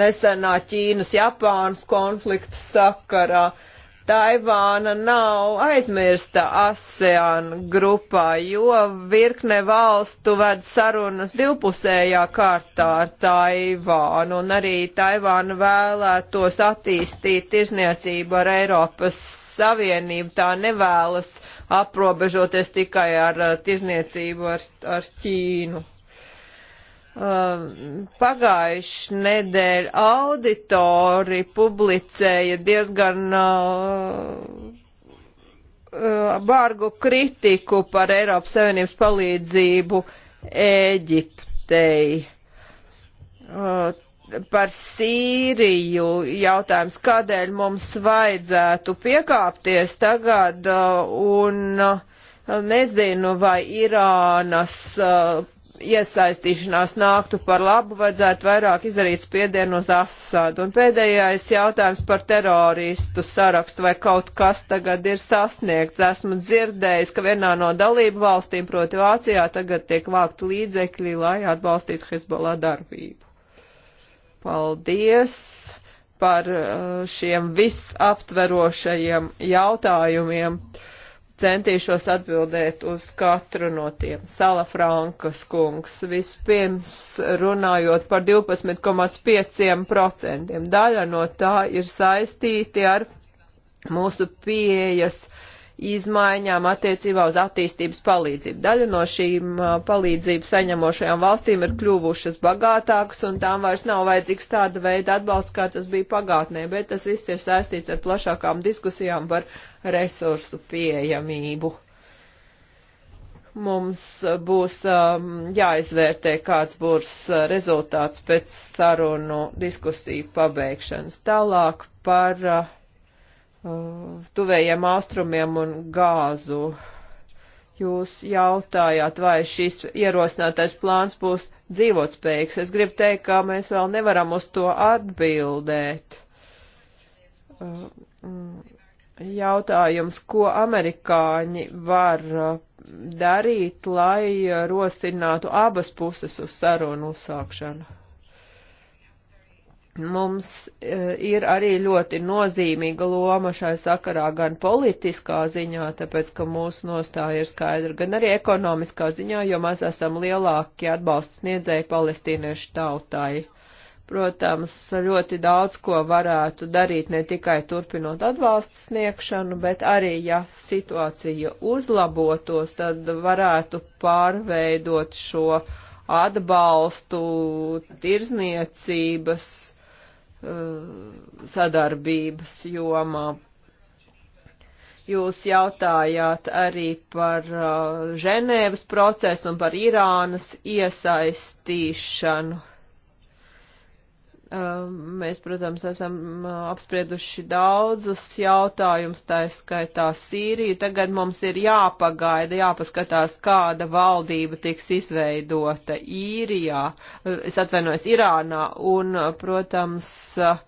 nesenā Ķīnas-Japānas konflikta sakarā. Uh, Taivāna nav aizmirsta ASEAN grupā, jo virkne valstu ved sarunas divpusējā kārtā ar Taivānu, un arī Taivāna vēlētos attīstīt tirzniecību ar Eiropas Savienību. Tā nevēlas aprobežoties tikai ar eh, tirzniecību ar, ar Ķīnu. Um, pagājuši nedēļ auditori publicēja diezgan bargu uh, uh, kritiku par Eiropas Savienības palīdzību Eģiptei. Uh, par Sīriju jautājums, kādēļ mums vajadzētu piekāpties tagad un nezinu, vai Irānas iesaistīšanās nāktu par labu, vajadzētu vairāk izdarīt spiedienu uz Asādu. Un pēdējais jautājums par teroristu sarakstu, vai kaut kas tagad ir sasniegts. Esmu dzirdējis, ka vienā no dalību valstīm, proti Vācijā, tagad tiek vākt līdzekļi, lai atbalstītu Hezbollah darbību. Paldies par uh, šiem visaptverošajiem jautājumiem centīšos atbildēt uz katru no tiem. Sala Frankas kungs vispirms runājot par 12,5%. Daļa no tā ir saistīti ar mūsu pieejas uh, izmaiņām attiecībā uz attīstības palīdzību. Daļa no šīm uh, palīdzību saņemošajām valstīm ir kļuvušas bagātākas un tām vairs nav vajadzīgs tāda veida atbalsts, kā tas bija pagātnē, bet tas viss ir saistīts ar plašākām diskusijām par resursu pieejamību. Mums uh, būs um, jāizvērtē, kāds būs uh, rezultāts pēc sarunu diskusiju pabeigšanas. Tālāk par uh, Uh, tuvējiem austrumiem un gāzu. Jūs jautājāt, vai šis ierosinātais plāns būs dzīvotspējīgs. Es gribu teikt, ka mēs vēl nevaram uz to atbildēt. Uh, mm, jautājums, ko amerikāņi var uh, darīt, lai rosinātu abas puses uz sarunu uzsākšanu? Mums e, ir arī ļoti nozīmīga loma šai sakarā gan politiskā ziņā, tāpēc, ka mūsu nostāja ir skaidra, gan arī ekonomiskā ziņā, jo mēs esam lielākie atbalsts sniedzēji palestīniešu tautai. Protams, ļoti daudz ko varētu darīt ne tikai turpinot atbalstu sniegšanu, bet arī, ja situācija uzlabotos, tad varētu pārveidot šo atbalstu tirzniecības Uh, sadarbības jomā. Jūs jautājāt arī par uh, Ženēvas procesu un par Irānas iesaistīšanu. Um, mēs, protams, esam uh, apsprieduši daudzus jautājumus, tā skaitā Sīriju. Tagad mums ir jāpagaida, jāpaskatās, kāda valdība tiks izveidota īrijā, es atvainojos, Irānā, un, uh, protams, uh,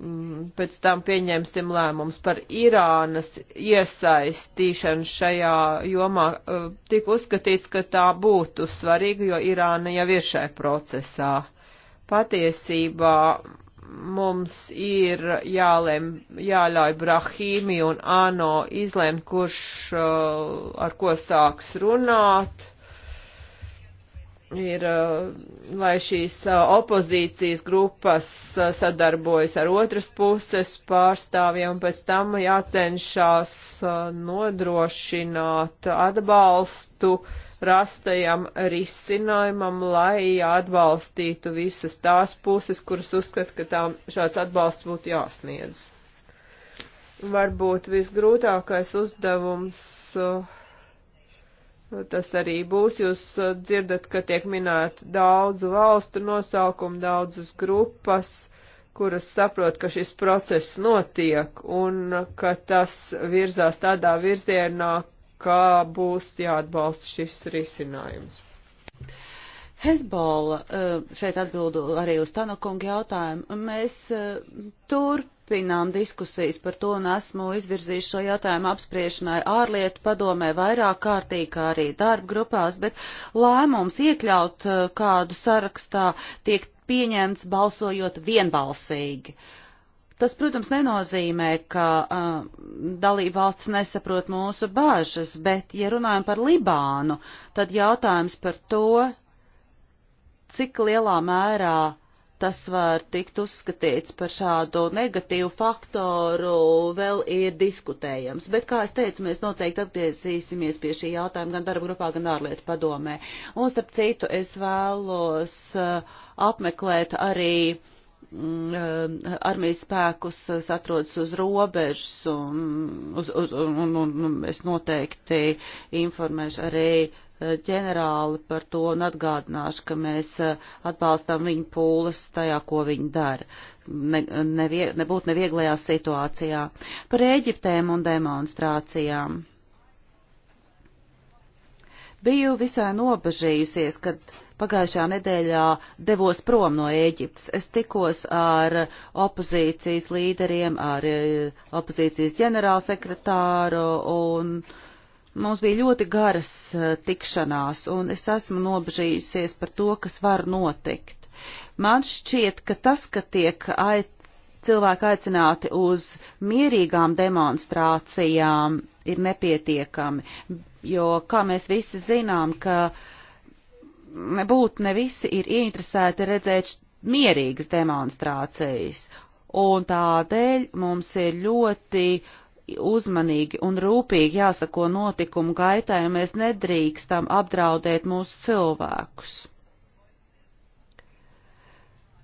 mm, pēc tam pieņemsim lēmums par Irānas iesaistīšanu šajā jomā. Tik uzskatīts, ka tā būtu svarīga, jo Irāna jau ir šai procesā. Patiesībā mums ir jālem, jāļauj Brahīmi un Ano izlēmt, kurš uh, ar ko sāks runāt ir, uh, lai šīs uh, opozīcijas grupas sadarbojas ar otras puses pārstāvjiem, un pēc tam jācenšas nodrošināt atbalstu rastajam risinājumam, lai atbalstītu visas tās puses, kuras uzskata, ka tām šāds atbalsts būtu jāsniedz. Varbūt visgrūtākais uzdevums. Uh, Tas arī būs, jūs uh, dzirdat, ka tiek minēta daudzu valstu nosaukumu, daudzas grupas, kuras saprot, ka šis process notiek un ka tas virzās tādā virzienā, kā būs jāatbalsta šis risinājums. Hezbola, eh, šeit atbildu arī uz Tanakunga jautājumu, mēs eh, turpinām diskusijas par to un esmu izvirzījis šo jautājumu apspriešanai ārlietu padomē vairāk kārtīgi, kā arī darba grupās, bet lēmums iekļaut eh, kādu sarakstā tiek pieņemts balsojot vienbalsīgi. Uh, Tas, protams, nenozīmē, ka uh, dalība valsts nesaprot mūsu bāžas, bet, ja runājam par Libānu, tad jautājums par to, cik lielā mērā tas var tikt uzskatīts par šādu negatīvu faktoru, vēl ir diskutējams. Bet, kā es teicu, mēs noteikti atgriezīsimies pie šī jautājuma gan darba grupā, gan ārlietu padomē. Un, starp citu, es vēlos uh, apmeklēt arī uh, Mm, eh, armijas spēkus eh, atrodas uz robežas, un, uz, uz, un, un, un es noteikti informēšu arī eh, ģenerāli par to un atgādināšu, ka mēs atbalstām viņu pūles tajā, ko viņi dara. Ne, nevie, nebūt nevieglajā situācijā. Par Ēģiptēm un demonstrācijām. Biju visai nobežījusies, kad pagājušā nedēļā devos prom no Ēģiptes. Es tikos ar opozīcijas līderiem, ar e, opozīcijas ģenerālsekretāru un mums bija ļoti garas e, tikšanās un es esmu nobežījusies par to, kas var notikt. Man šķiet, ka tas, ka tiek aicinājums cilvēki aicināti uz mierīgām demonstrācijām, ir nepietiekami, jo, kā mēs visi zinām, ka nebūt ne visi ir ieinteresēti redzēt mierīgas demonstrācijas, un tādēļ mums ir ļoti uzmanīgi un rūpīgi jāsako notikumu gaitai, un mēs nedrīkstam apdraudēt mūsu cilvēkus.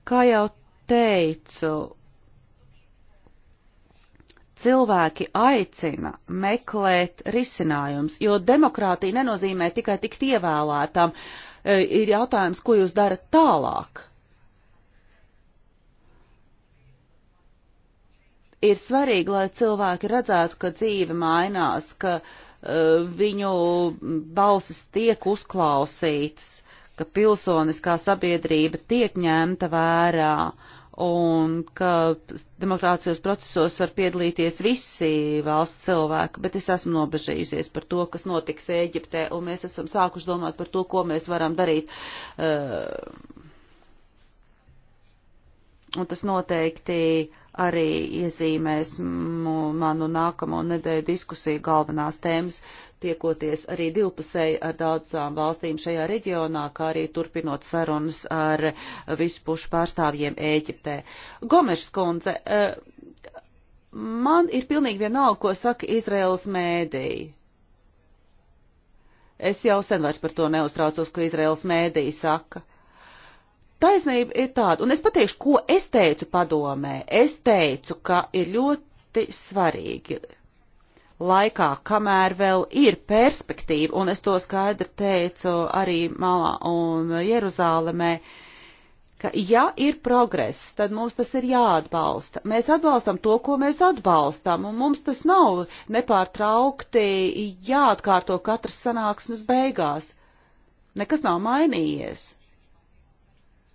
Kā jau teicu, cilvēki aicina meklēt risinājums, jo demokrātija nenozīmē tikai tikt ievēlētam, e, ir jautājums, ko jūs darat tālāk. Ir svarīgi, lai cilvēki redzētu, ka dzīve mainās, ka uh, viņu balsis tiek uzklausītas, ka pilsoniskā sabiedrība tiek ņemta vērā. Uh, un ka demokrātijos procesos var piedalīties visi valsts cilvēki, bet es esmu nobežījusies par to, kas notiks Ēģiptē, un mēs esam sākuši domāt par to, ko mēs varam darīt. Uh, un tas noteikti arī iezīmēs manu nākamo nedēļu diskusiju galvenās tēmas. Uh, tiekoties arī divpusēji ar daudzām valstīm šajā reģionā, kā arī turpinot sarunas ar visu pušu pārstāvjiem Ēģiptē. Gomešs kundze, eh, man ir pilnīgi vienalga, ko saka Izraels mēdīji. Es jau sen vairs par to neuztraucos, ko Izraels mēdīji saka. Taisnība ir tāda, un es pateikšu, ko es teicu padomē. Es teicu, ka ir ļoti svarīgi laikā, kamēr vēl ir perspektīva, un es to skaidri teicu arī Malā un Jeruzālēmē, ka ja ir progress, tad mums tas ir jāatbalsta. Mēs atbalstam to, ko mēs atbalstam, un mums tas nav nepārtraukti jāatkārto katras sanāksmes beigās. Nekas nav mainījies.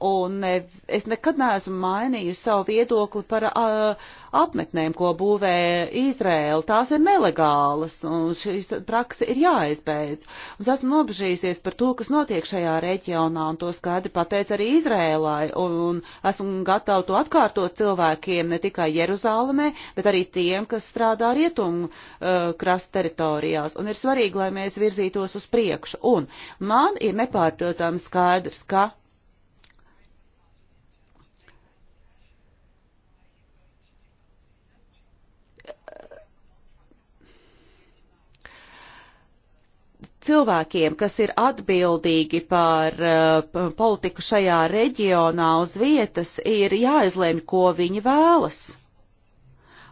Un ne, es nekad neesmu mainījusi savu viedokli par uh, apmetnēm, ko būvē Izrēla. Tās ir nelegālas, un šīs praksa ir jāizbeidz. Un es esmu nobežījusies par to, kas notiek šajā reģionā, un to skaidri pateicu arī Izrēlai. Un, un esmu gatava to atkārtot cilvēkiem ne tikai Jeruzalemē, bet arī tiem, kas strādā rietumu uh, krasta teritorijās. Un ir svarīgi, lai mēs virzītos uz priekšu. Un man ir nepārprotami skaidrs, ka cilvēkiem, kas ir atbildīgi par uh, politiku šajā reģionā uz vietas, ir jāizlemj, ko viņi vēlas.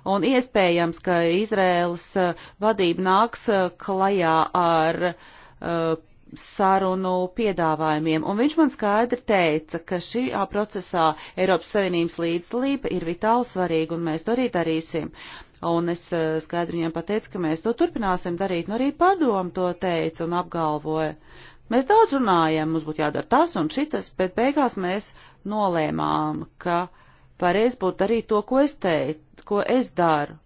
Un iespējams, ka Izraēlas uh, eh, vadība nāks uh, klajā ar sarunu piedāvājumiem, un viņš man skaidri teica, ka šajā procesā Eiropas Savienības līdzdalība ir vitāli svarīga, un mēs to arī darīsim. Uh, Un es eh, skaidri viņiem pateicu, ka mēs to turpināsim darīt. Nu, arī padomu to teica un apgalvoja. Mēs daudz runājam, mums būtu jādara tas un šitas, bet beigās mēs nolēmām, ka pareiz būtu darīt to, ko es teicu, ko es daru.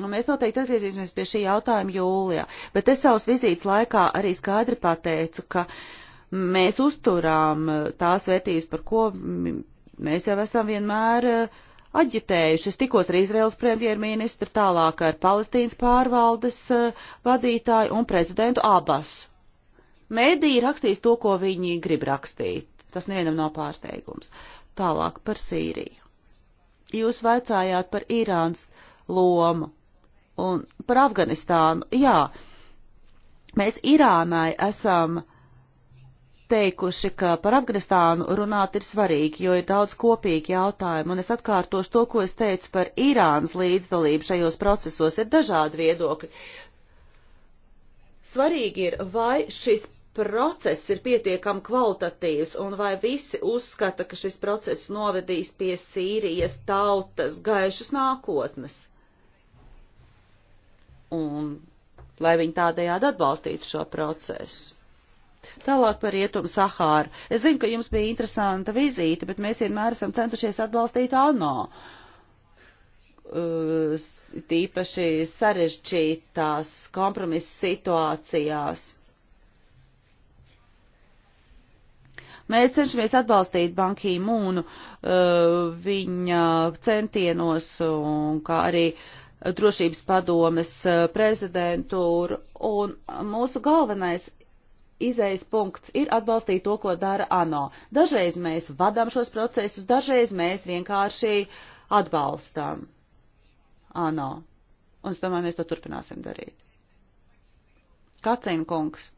Un mēs noteikti atgriezīsimies pie šī jautājuma jūlijā, bet es savas vizītes laikā arī skaidri pateicu, ka mēs uzturām eh, tās vērtības, par ko mēs jau esam vienmēr uh, aģitējuši. Es tikos ar Izraels premjerministru, tālāk ar Palestīnas pārvaldes eh, vadītāju un prezidentu Abasu. Mēdī rakstīs to, ko viņi grib rakstīt. Tas nevienam nav pārsteigums. Tālāk par Sīriju. Jūs vaicājāt par Irānas lomu un par Afganistānu. Jā, mēs Irānai esam uh, teikuši, ka par Afganistānu runāt ir svarīgi, jo ir daudz kopīgi jautājumu, un es atkārtošu to, ko es teicu par Irānas līdzdalību šajos procesos, ir dažādi viedokļi. Svarīgi ir, vai šis process ir pietiekami kvalitatīvs, un vai visi uzskata, ka šis process novedīs pie Sīrijas tautas gaišas nākotnes. Un lai viņi tādējādi atbalstītu šo procesu. Tālāk par rietumu Sahāru. Es zinu, ka jums bija interesanta vizīte, bet mēs vienmēr esam centušies atbalstīt ANO. Uh, tīpaši sarežģītās kompromisa situācijās. Mēs cenšamies atbalstīt Banki Mūnu uh, viņa centienos un kā arī drošības padomes uh, prezidentūru. Un mūsu galvenais izējas punkts ir atbalstīt to, ko dara ANO. Dažreiz mēs vadām šos procesus, dažreiz mēs vienkārši atbalstām ANO. Un es domāju, mēs to turpināsim darīt. Kacina kungs,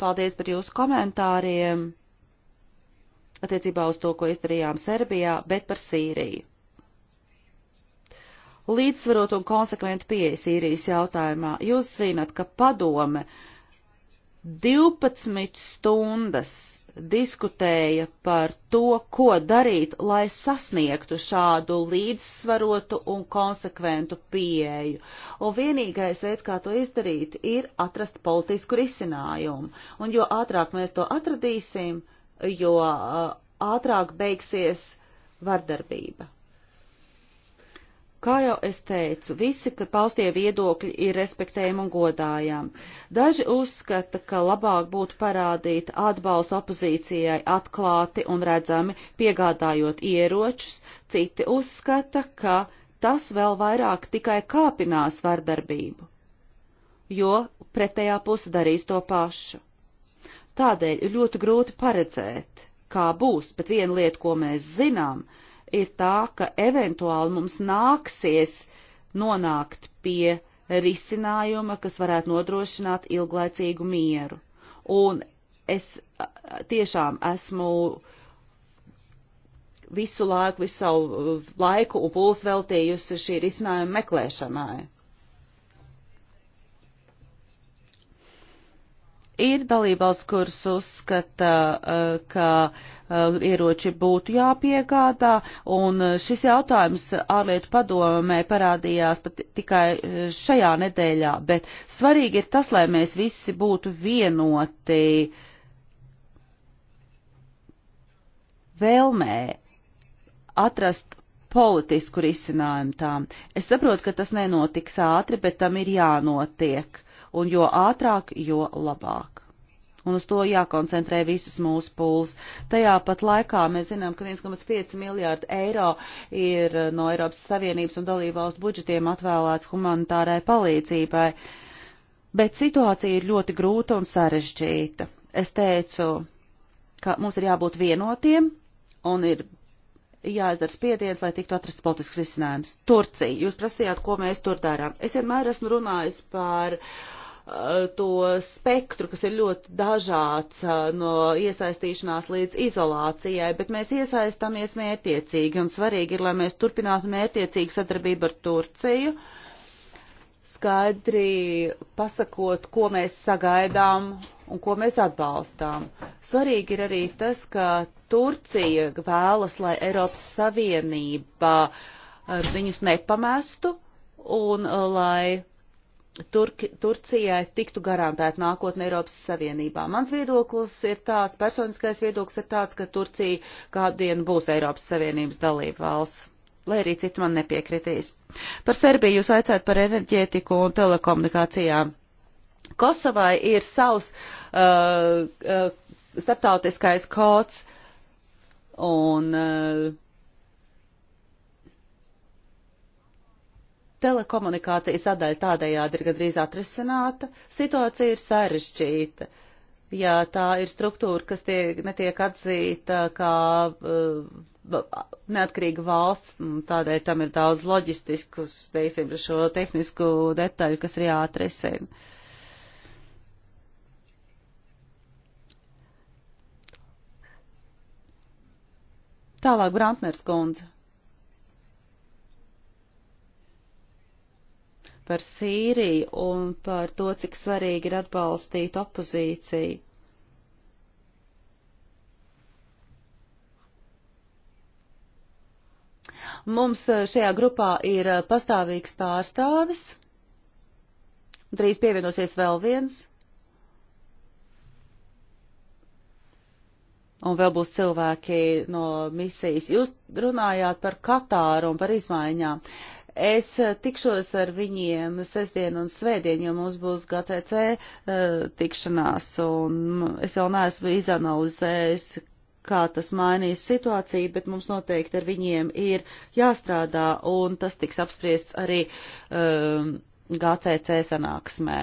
paldies par jūsu komentāriem attiecībā uz to, ko izdarījām Serbijā, bet par Sīriju. Līdzsvarot un konsekventu pieeja Sīrijas jautājumā, jūs zinat, ka padome uh, 12 stundas diskutēja par to, ko darīt, lai sasniegtu šādu līdzsvarotu un konsekventu pieeju. Un vienīgais veids, kā to izdarīt, ir atrast politisku risinājumu. Un jo ātrāk mēs to atradīsim, jo uh, ātrāk beigsies vardarbība. Kā jau es teicu, visi paustie viedokļi ir respektējami un godājami. Daži uzskata, ka labāk būtu parādīt atbalstu opozīcijai atklāti un redzami, piegādājot ieročus, citi uzskata, ka tas vēl vairāk tikai kāpinās vardarbību, jo pretējā puse darīs to pašu. Tādēļ ir ļoti grūti paredzēt, kā būs, bet viena lieta, ko mēs zinām, ir, ir tā, ka eventuāli mums nāksies nonākt pie risinājuma, kas varētu nodrošināt ilglaicīgu mieru. Un es tiešām esmu visu laiku, visu savu laiku un pulsu veltījusi šī risinājuma meklēšanai. Ir dalībvalsts, kuras uzskata, eh, ka eh, ieroči būtu jāpiegādā, un eh, šis jautājums ārlietu padomē parādījās pat tikai šajā nedēļā, bet svarīgi ir tas, lai mēs visi būtu vienoti vēlmē atrast politisku risinājumu tām. Es saprotu, ka tas nenotiks ātri, bet tam ir jānotiek un jo ātrāk, jo labāk. Un uz to jākoncentrē visas mūsu pūles. Tajā pat laikā mēs zinām, ka 1,5 miljārdi eiro ir eh, no Eiropas Savienības un dalībvalstu budžetiem atvēlēts humanitārai palīdzībai. Bet situācija ir ļoti grūta un sarežģīta. Es teicu, ka mums ir jābūt vienotiem un ir jāizdara spiediens, lai tiktu atrasts politisks risinājums. Turcija, jūs prasījāt, ko mēs tur darām. Es vienmēr esmu runājis par to spektru, kas ir ļoti dažāds no iesaistīšanās līdz izolācijai, bet mēs iesaistāmies mērtiecīgi un svarīgi ir, lai mēs turpinātu mērtiecīgu sadarbību ar Turciju, skaidri pasakot, ko mēs sagaidām un ko mēs atbalstām. Svarīgi ir arī tas, ka Turcija vēlas, lai Eiropas Savienība viņus nepamestu un lai Turki, Turcijai tiktu garantēta nākotne Eiropas Savienībā. Mans viedoklis ir tāds, personiskais viedoklis ir tāds, ka Turcija kādu dienu būs Eiropas Savienības dalība valsts lai arī citi man nepiekritīs. Par Serbiju jūs aicāt par enerģētiku un telekomunikācijām. Kosovai ir savs uh, uh, starptautiskais kods un uh, Telekomunikācija sadaļa tādējādi ir gadrīz atrisināta, situācija ir sarežģīta. Ja tā ir struktūra, kas tiek, netiek atzīta kā uh, neatkarīga valsts, tādēļ tam ir daudz loģistiskus, teiksim, šo tehnisku detaļu, kas ir jāatrisina. Tālāk Brantners kundze. par Sīriju un par to, cik svarīgi ir atbalstīt opozīciju. Mums eh, šajā grupā ir eh, pastāvīgs pārstāvis. Drīz pievienosies vēl viens. Un vēl būs cilvēki no misijas. Jūs runājāt par Katāru un par izmaiņām. Uh, Es tikšos ar viņiem sestdien un svētdien, jo mums būs GCC eh, tikšanās, un es vēl neesmu izanalizējis, kā tas mainīs situāciju, bet mums noteikti ar viņiem ir jāstrādā, un tas tiks apspriests arī um, eh, GCC sanāksmē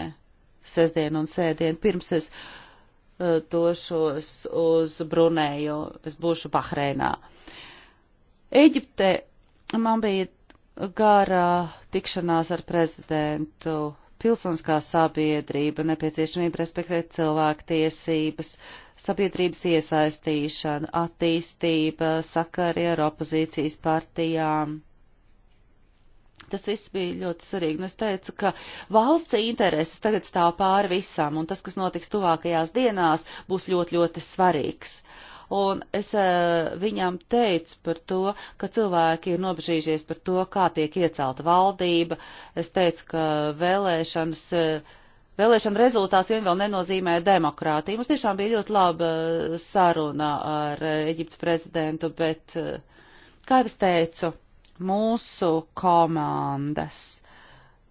sestdien un sēdien. Pirms es uh, došos uz Brunēju, es būšu Bahreinā. Eģipte man bija garā tikšanās ar prezidentu, pilsoniskā sabiedrība, nepieciešamība respektēt cilvēktiesības, sabiedrības iesaistīšana, attīstība, sakari ar opozīcijas partijām. Tas viss bija ļoti svarīgi, un es teicu, ka valsts intereses tagad stāv pāri visam, un tas, kas notiks tuvākajās dienās, būs ļoti, ļoti svarīgs un es eh, viņam teicu par to, ka cilvēki ir nobežījušies par to, kā tiek iecelta valdība. Es teicu, ka vēlēšanas. Eh, vēlēšana rezultāts vien vēl nenozīmē demokrātiju. Mums tiešām bija ļoti laba eh, saruna ar Eģiptes prezidentu, bet, kā jau es teicu, mūsu komandas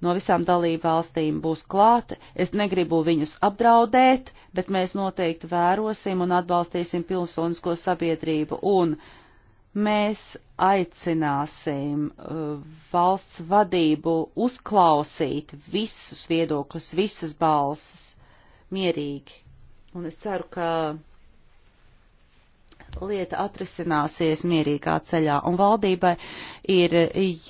no visām dalību valstīm būs klāt. Es negribu viņus apdraudēt, bet mēs noteikti vērosim un atbalstīsim pilsonisko sabiedrību un mēs aicināsim uh, valsts vadību uzklausīt visus viedokļus, visas balsis mierīgi. Un es ceru, ka lieta atrisināsies mierīgā ceļā, un valdībai ir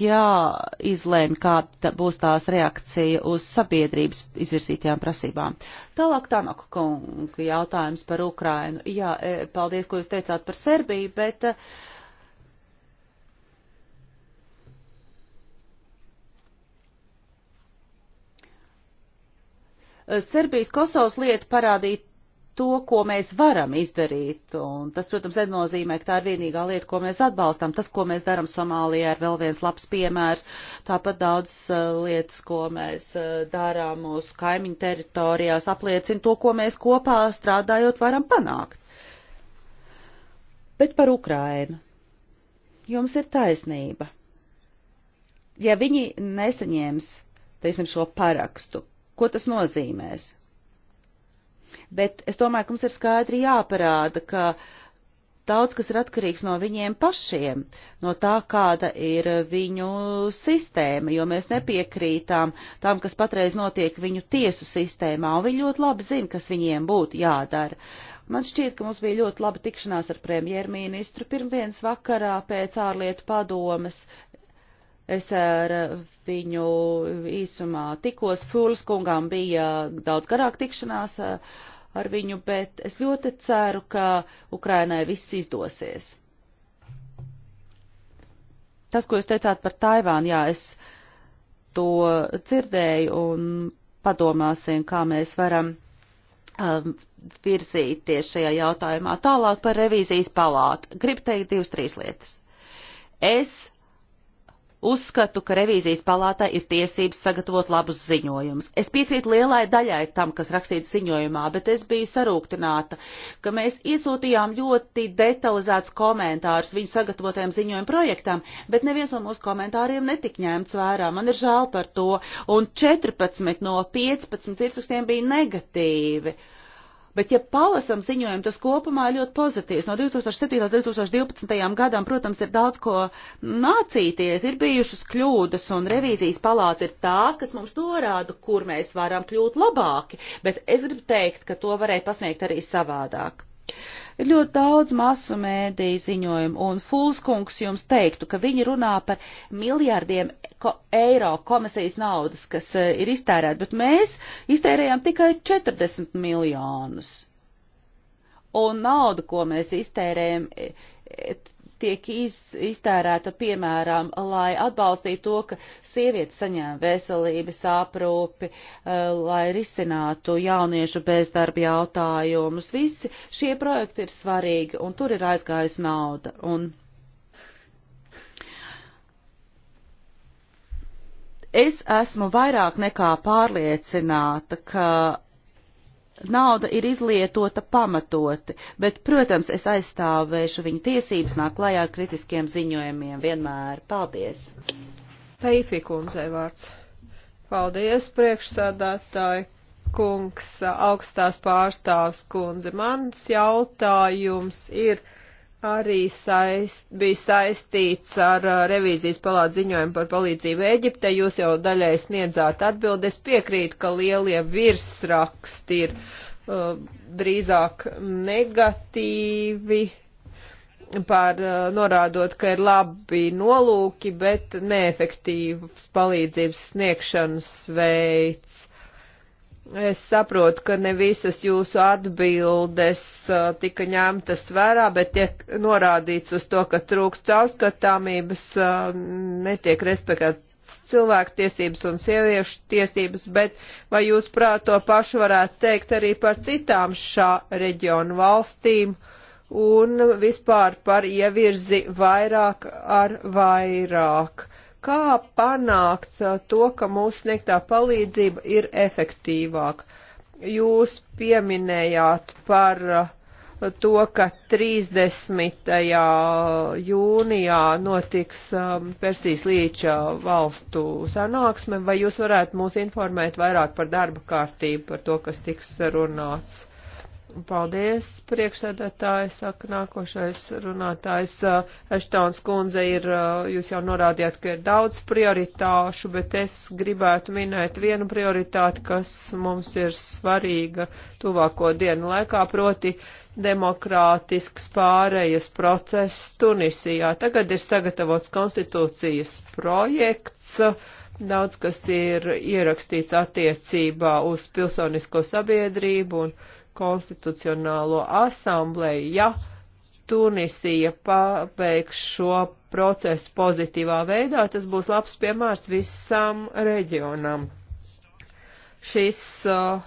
jāizlēma, kāda būs tās reakcija uz sabiedrības izvirsītajām prasībām. Tālāk Tanaka kunga jautājums par Ukrainu. Jā, e, paldies, ko jūs teicāt par Serbiju, bet. E, Serbijas Kosovas lieta parādīja to, ko mēs varam izdarīt. Un tas, protams, nenozīmē, ka tā ir vienīgā lieta, ko mēs atbalstam. Tas, ko mēs darām Somālijā, ir vēl viens labs piemērs. Tāpat daudz uh, lietas, ko mēs uh, darām mūsu kaimiņu teritorijās, apliecina to, ko mēs kopā strādājot varam panākt. Bet par Ukrainu. Jums ir taisnība. Ja viņi nesaņems, teiksim, šo parakstu, ko tas nozīmēs? Bet es domāju, ka mums ir skaidri jāparāda, ka daudz kas ir atkarīgs no viņiem pašiem, no tā, kāda ir viņu sistēma, jo mēs nepiekrītām tam, kas patreiz notiek viņu tiesu sistēmā, un viņi ļoti labi zina, kas viņiem būtu jādara. Man šķiet, ka mums bija ļoti laba tikšanās ar premjerministru pirmdienas vakarā pēc ārlietu padomes. Es ar viņu īsumā tikos. Fūles kungām bija daudz garāk tikšanās eh, ar viņu, bet es ļoti ceru, ka Ukrainai viss izdosies. Tas, ko jūs teicāt par Taivānu, jā, es to dzirdēju un padomāsim, kā mēs varam um, virzīties šajā jautājumā tālāk par revīzijas palātu. Gribu teikt divas, trīs lietas. Es Uzskatu, ka revīzijas palātai ir tiesības sagatavot labus ziņojumus. Es piekrītu lielai daļai tam, kas rakstīts ziņojumā, bet es biju sarūktināta, ka mēs iesūtījām ļoti detalizēts komentārus viņu sagatavotajam ziņojumu projektam, bet neviens no mūsu komentāriem netika ņemts vērā. Man ir žēl par to, un 14 no 15 virsrakstiem bija negatīvi. Uh, Bet, ja palasam ziņojumu, tas kopumā ir ļoti pozitīvs. No 2007. līdz 2012. gadam, protams, ir daudz ko mācīties, ir bijušas kļūdas, un revīzijas palāta ir tā, kas mums norāda, kur mēs varam kļūt labāki. Bet es gribu teikt, ka to varēja pasniegt arī savādāk. Ir ļoti daudz masu mēdīju ziņojumu, un Fulskungs jums teiktu, ka viņi runā par miljārdiem ko eiro komisijas naudas, kas eh, ir iztērēta, bet mēs iztērējām tikai 40 miljonus. Un nauda, ko mēs iztērējam, eh, tiek iz, iztērēta, piemēram, lai atbalstītu to, ka sievietes saņēma veselības aprūpi, eh, lai risinātu jauniešu bezdarba jautājumus. Visi šie projekti ir svarīgi, un tur ir aizgājusi nauda. Un es esmu vairāk nekā pārliecināta, ka nauda ir izlietota pamatoti, bet, protams, es aizstāvēšu viņu tiesības nāk klajā ar kritiskiem ziņojumiem vienmēr. Paldies! Taifī kundzei vārds. Paldies, priekšsādātāji kungs, augstās pārstāvs kundze. Mans jautājums ir arī saist, bija saistīts ar uh, revīzijas palātu ziņojumu par palīdzību Eģipte. Jūs jau daļai sniedzāt atbildes. Piekrītu, ka lielie virsraksti ir uh, drīzāk negatīvi par uh, norādot, ka ir labi nolūki, bet neefektīvs palīdzības sniegšanas veids. Es saprotu, ka ne visas jūsu atbildes tika ņemtas vērā, bet tiek norādīts uz to, ka trūkst caurskatāmības, netiek respektēts cilvēktiesības un sieviešu tiesības, bet vai jūs prāt to pašu varētu teikt arī par citām šā reģionu valstīm un vispār par ievirzi vairāk ar vairāk? Kā panākt uh, to, ka mūsu sniegtā palīdzība ir efektīvāka? Jūs pieminējāt par uh, to, ka 30. jūnijā notiks um, Persijas līča valstu sanāksme, vai jūs varētu mūs informēt vairāk par darba kārtību, par to, kas tiks runāts? Paldies, priekšsēdētāji, saka nākošais runātājs. Eh, Eštāns kundze ir, eh, jūs jau norādījāt, ka ir daudz prioritāšu, bet es gribētu minēt vienu prioritāti, kas mums ir svarīga tuvāko dienu laikā, proti demokrātisks pārējas process Tunisijā. Tagad ir sagatavots konstitūcijas projekts daudz kas ir ierakstīts attiecībā uz pilsonisko sabiedrību un konstitucionālo asambleju, ja Tunisija pabeigs šo procesu pozitīvā veidā, tas būs labs piemērs visam reģionam. Šis uh,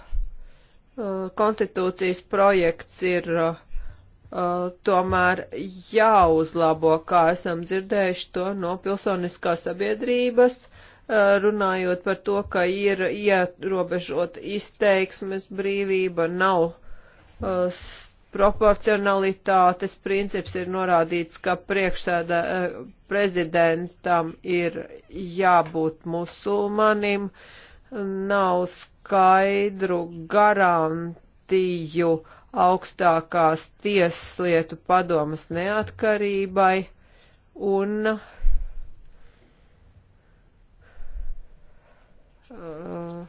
uh konstitūcijas projekts ir uh, uh, tomēr jāuzlabo, kā esam dzirdējuši to no pilsoniskās sabiedrības uh, runājot par to, ka ir ierobežota izteiksmes brīvība, nav uh, proporcionalitātes princips, ir norādīts, ka priekšsēdā uh, prezidentam ir jābūt musulmanim, nav skaidru garantiju augstākās tieslietu padomas neatkarībai un uh, Uh,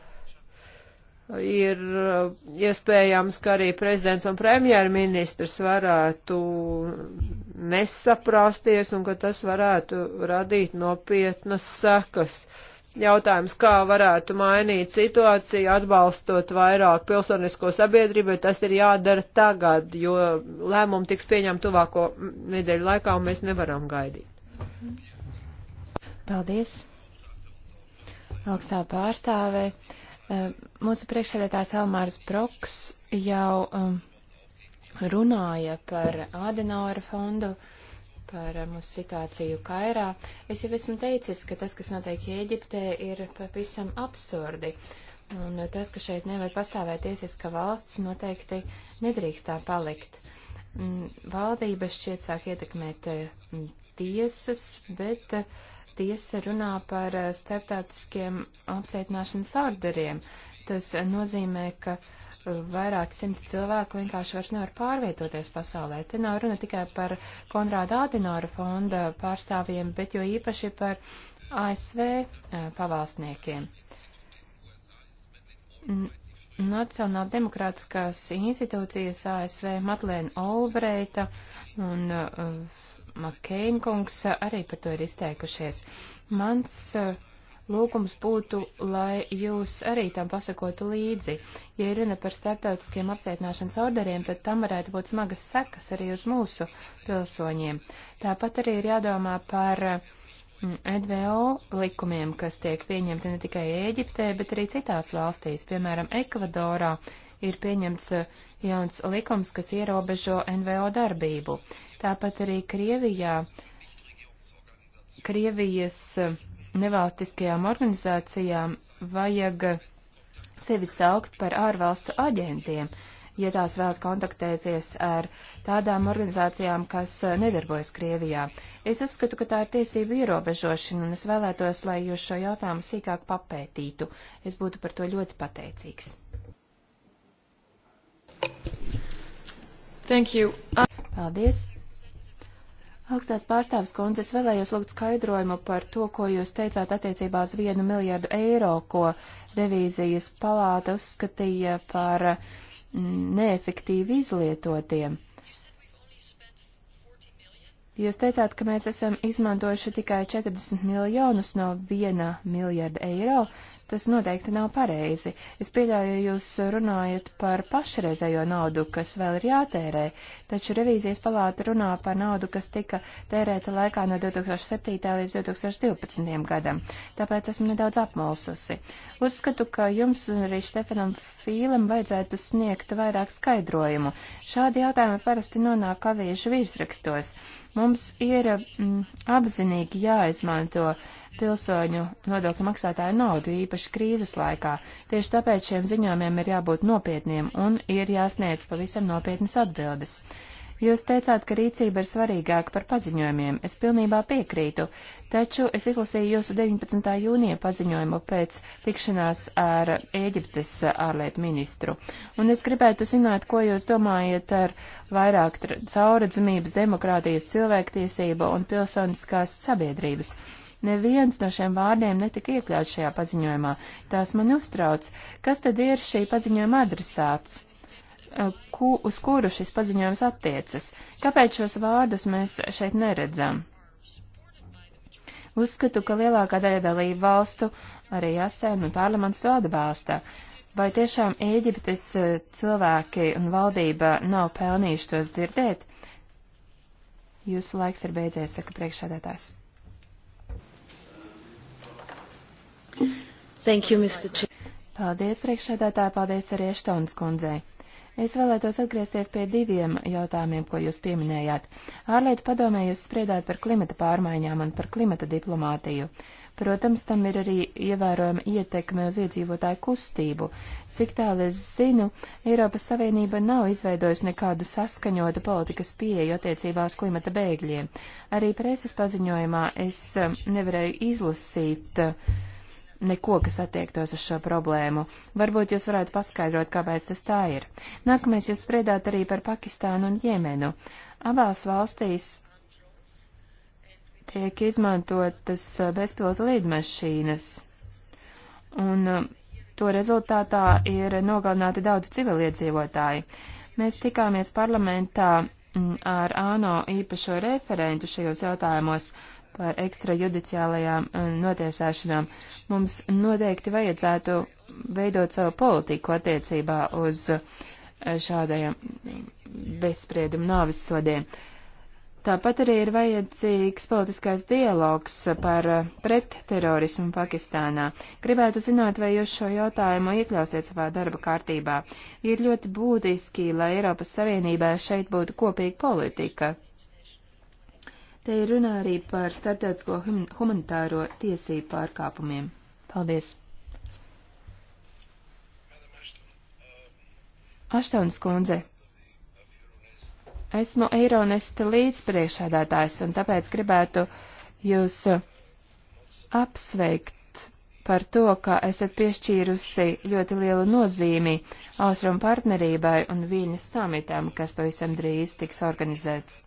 ir uh, iespējams, ka arī prezidents un premjerministrs varētu nesaprasties un ka tas varētu radīt nopietnas sekas. Jautājums, kā varētu mainīt situāciju, atbalstot vairāk pilsonisko sabiedrību, bet tas ir jādara tagad, jo lēmumi tiks pieņemti tuvāko nedēļu laikā un mēs nevaram gaidīt. Paldies! augstā pārstāvē. Eh, mūsu priekšsēdētājs Elmārs Broks jau eh, runāja par Ādenauera fondu, par eh, mūsu situāciju Kairā. Es jau esmu teicis, ka tas, kas notiek Ēģiptē, ir pavisam absurdi. Un tas, ka šeit nevar pastāvēt tiesiska valsts, noteikti nedrīkst tā palikt. Mm, Valdības šķiet sāk ietekmēt tiesas, bet uh, tiesa runā par eh, starptautiskiem apcietināšanas orderiem. Tas eh, nozīmē, ka eh, vairāki simti cilvēku vienkārši vairs nevar pārvietoties pasaulē. Te nav runa tikai par Konrāda Ādinora fonda pārstāvjiem, bet jo īpaši par ASV pavalsniekiem. Nacionāla demokrātiskās institūcijas ASV Matlēna Olbreita un uh, Makēnkungs arī par to ir izteikušies. Mans eh, lūgums būtu, lai jūs arī tam pasakotu līdzi. Ja ir runa par starptautiskiem apcietināšanas orderiem, tad tam varētu būt smagas sekas arī uz mūsu pilsoņiem. Tāpat arī ir jādomā par mm, NVO likumiem, kas tiek pieņemti ne tikai Ēģiptē, bet arī citās valstīs, piemēram, Ekvadorā ir pieņemts eh, jauns likums, kas ierobežo NVO darbību. Tāpat arī Krievijā, Krievijas eh, nevalstiskajām organizācijām vajag eh, sevi saukt par ārvalstu aģentiem, ja tās vēlas kontaktēties ar tādām organizācijām, kas nedarbojas Krievijā. Es uzskatu, ka tā ir tiesība ierobežošana, un es vēlētos, lai jūs šo jautājumu sīkāk papētītu. Es būtu par to ļoti pateicīgs. Thank you. Uh, Paldies. Augstās pārstāvs kundze, es vēlējos lūgt skaidrojumu par to, ko jūs teicāt attiecībā uz vienu miljardu eiro, ko revīzijas palāta uzskatīja par mm, neefektīvi izlietotiem. Jūs teicāt, ka mēs esam izmantojuši tikai 40 miljonus no viena miljarda eiro, Tas noteikti nav pareizi. Es pieļauju, jūs runājat par pašreizējo naudu, kas vēl ir jātērē, taču revīzijas palāta runā par naudu, kas tika tērēta laikā no 2007. līdz 2012. gadam. Tāpēc esmu nedaudz apmulsusi. Uzskatu, ka jums un arī Štefanam Fīlam vajadzētu sniegt vairāk skaidrojumu. Šādi jautājumi parasti nonāk aviešu virsrakstos. Mums ir mm, apzinīgi jāizmanto pilsoņu nodokļu maksātāju naudu, īpaši krīzes laikā. Tieši tāpēc šiem ziņojumiem ir jābūt nopietniem un ir jāsniedz pavisam nopietnas atbildes. Jūs teicāt, ka rīcība ir svarīgāka par paziņojumiem. Es pilnībā piekrītu, taču es izlasīju jūsu 19. jūnija paziņojumu pēc tikšanās ar Ēģiptes ārlietu ministru. Un es gribētu zināt, ko jūs domājat ar vairāk cauradzamības, demokrātijas, cilvēktiesība un pilsoniskās sabiedrības Neviens no šiem vārdiem netika iekļauts šajā paziņojumā. Tās man uztrauc. Kas tad ir šī paziņojuma adresāts? Ku, uz kuru šis paziņojums attiecas? Kāpēc šos vārdus mēs šeit neredzam? Uzskatu, ka lielākā daļa dalību valstu, arī ASEM un parlaments to atbalsta. Vai tiešām Ēģiptes cilvēki un valdība nav pelnījuši tos dzirdēt? Jūsu laiks ir beidzies, saka priekšsēdētājs. Thank you, Mr. Chair. Paldies, priekšsēdētāji, paldies arī Eštons kundzei. Es vēlētos atgriezties pie diviem jautājumiem, ko jūs pieminējāt. Ārlietu padomē jūs spriedāt par klimata pārmaiņām un par klimata diplomātiju. Protams, tam ir arī ievērojama ietekme uz iedzīvotāju kustību. Cik tālu es zinu, Eiropas Savienība nav izveidojusi nekādu saskaņotu politikas pieeju attiecībā uz klimata bēgļiem. Arī preses paziņojumā es um, nevarēju izlasīt uh, neko, kas attiektos uz šo problēmu. Varbūt jūs varētu paskaidrot, kāpēc tas tā ir. Nākamais jūs spriedāt arī par Pakistānu un Jemenu. Abās valstīs tiek izmantotas uh, bezpilota līdmašīnas, un uh, to rezultātā ir nogalināti daudz civiliedzīvotāji. Mēs tikāmies parlamentā mm, ar ANO īpašo referentu šajos jautājumos par ekstrajudiciālajām eh, notiesāšanām, mums noteikti vajadzētu veidot savu politiku attiecībā uz eh, šādajiem bezspriedumu nāvissodiem. Tāpat arī ir vajadzīgs politiskais dialogs par eh, pretterorismu Pakistānā. Gribētu zināt, vai jūs šo jautājumu iekļausiet savā darba kārtībā. Ir ļoti būtiski, lai Eiropas Savienībā šeit būtu kopīga politika, Te ir runā arī par starptautisko humanitāro tiesību pārkāpumiem. Paldies! Aštauns kundze, esmu Eironesta līdzpriekšādātājs un tāpēc gribētu jūs apsveikt par to, ka esat piešķīrusi ļoti lielu nozīmi Austrum partnerībai un Vīņas samitam, kas pavisam drīz tiks organizēts.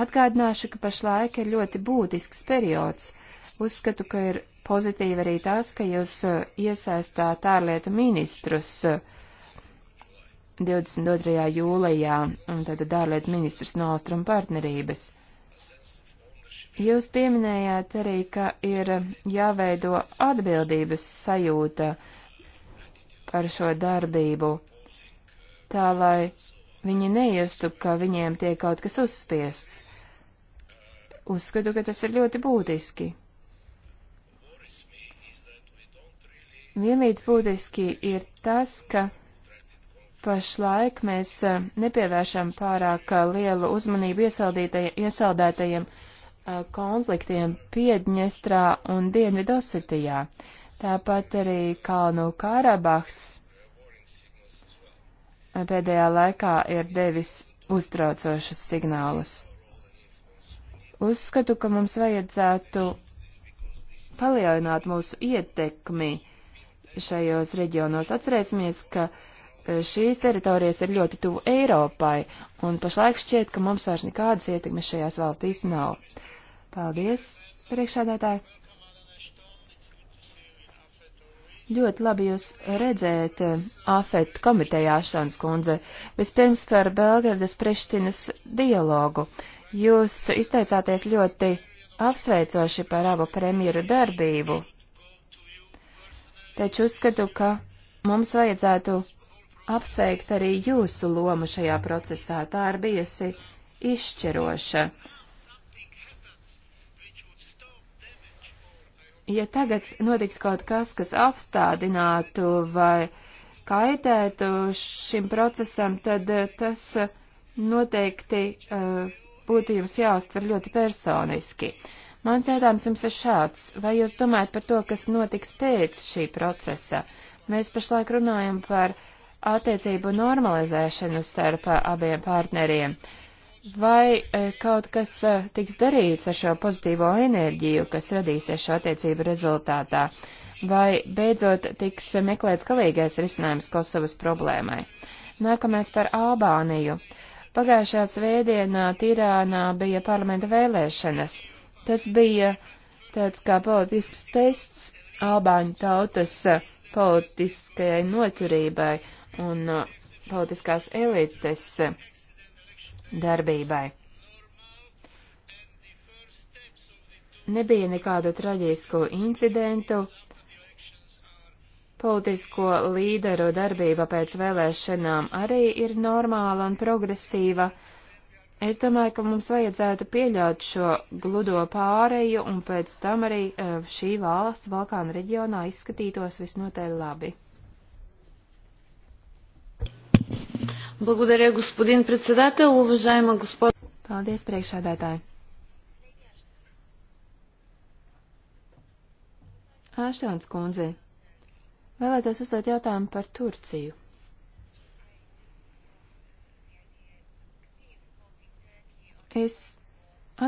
Atgādināšu, ka pašlaik ir ļoti būtisks periods. Uzskatu, ka ir pozitīvi arī tas, ka jūs uh, iesaistāt ārlietu ministrus 22. Uh, jūlijā, un tad ārlietu ministrus no Austrum partnerības. Jūs pieminējāt arī, ka ir jāveido atbildības sajūta par šo darbību, tā lai viņi neiestu, ka viņiem tiek kaut kas uzspiests. Uzskatu, ka tas ir ļoti būtiski. Vienlīdz būtiski ir tas, ka pašlaik mēs eh, nepievēršam pārāk eh, lielu uzmanību iesaldētajiem eh, konfliktiem Piedņestrā un Dienvidosetijā. Tāpat arī Kalnu Karabahs pēdējā laikā ir devis uztraucošus signālus. Uzskatu, ka mums vajadzētu palielināt mūsu ietekmi šajos reģionos. Atcerēsimies, ka e, šīs teritorijas ir ļoti tuvu Eiropai, un pašlaik šķiet, ka mums vairs nekādas ietekmes šajās valstīs nav. Paldies, priekšādātāji! Ļoti labi jūs redzēt, eh, AFET komitejā, Šāns kundze. Vispirms par Belgradas Prištinas dialogu. Jūs izteicāties ļoti apsveicoši par abu premjeru darbību, taču uzskatu, ka mums vajadzētu apsveikt arī jūsu lomu šajā procesā. Tā ir bijusi izšķiroša. ja tagad notiks kaut kas, kas apstādinātu vai kaitētu šim procesam, tad eh, tas eh, noteikti uh, būtu jums jāuztver ļoti personiski. Mans jautājums jums ir šāds. Vai jūs domājat par to, kas notiks pēc šī procesa? Mēs pašlaik runājam par attiecību normalizēšanu starp abiem partneriem. Uh, Vai e, kaut kas e, tiks darīts ar šo pozitīvo enerģiju, kas radīsies šo attiecību rezultātā? Vai beidzot tiks meklēts galīgais risinājums Kosovas problēmai? Nākamais par Albāniju. Pagājušā svētdienā Tirānā bija parlamenta vēlēšanas. Tas bija tāds kā politisks tests Albāņu tautas e, politiskajai noturībai un politiskās elites darbībai. Nebija nekādu traģisku incidentu, politisko līderu darbība pēc vēlēšanām arī ir normāla un progresīva. Es domāju, ka mums vajadzētu pieļaut šo gludo pāreju un pēc tam arī eh, šī valsts Balkānu reģionā izskatītos visnotaļ labi. Благодаря, господин председател. Уважаема госпожа... Paldies, priekšādātāji. Āštons kundze, vēlētos uzdot jautājumu par Turciju. Es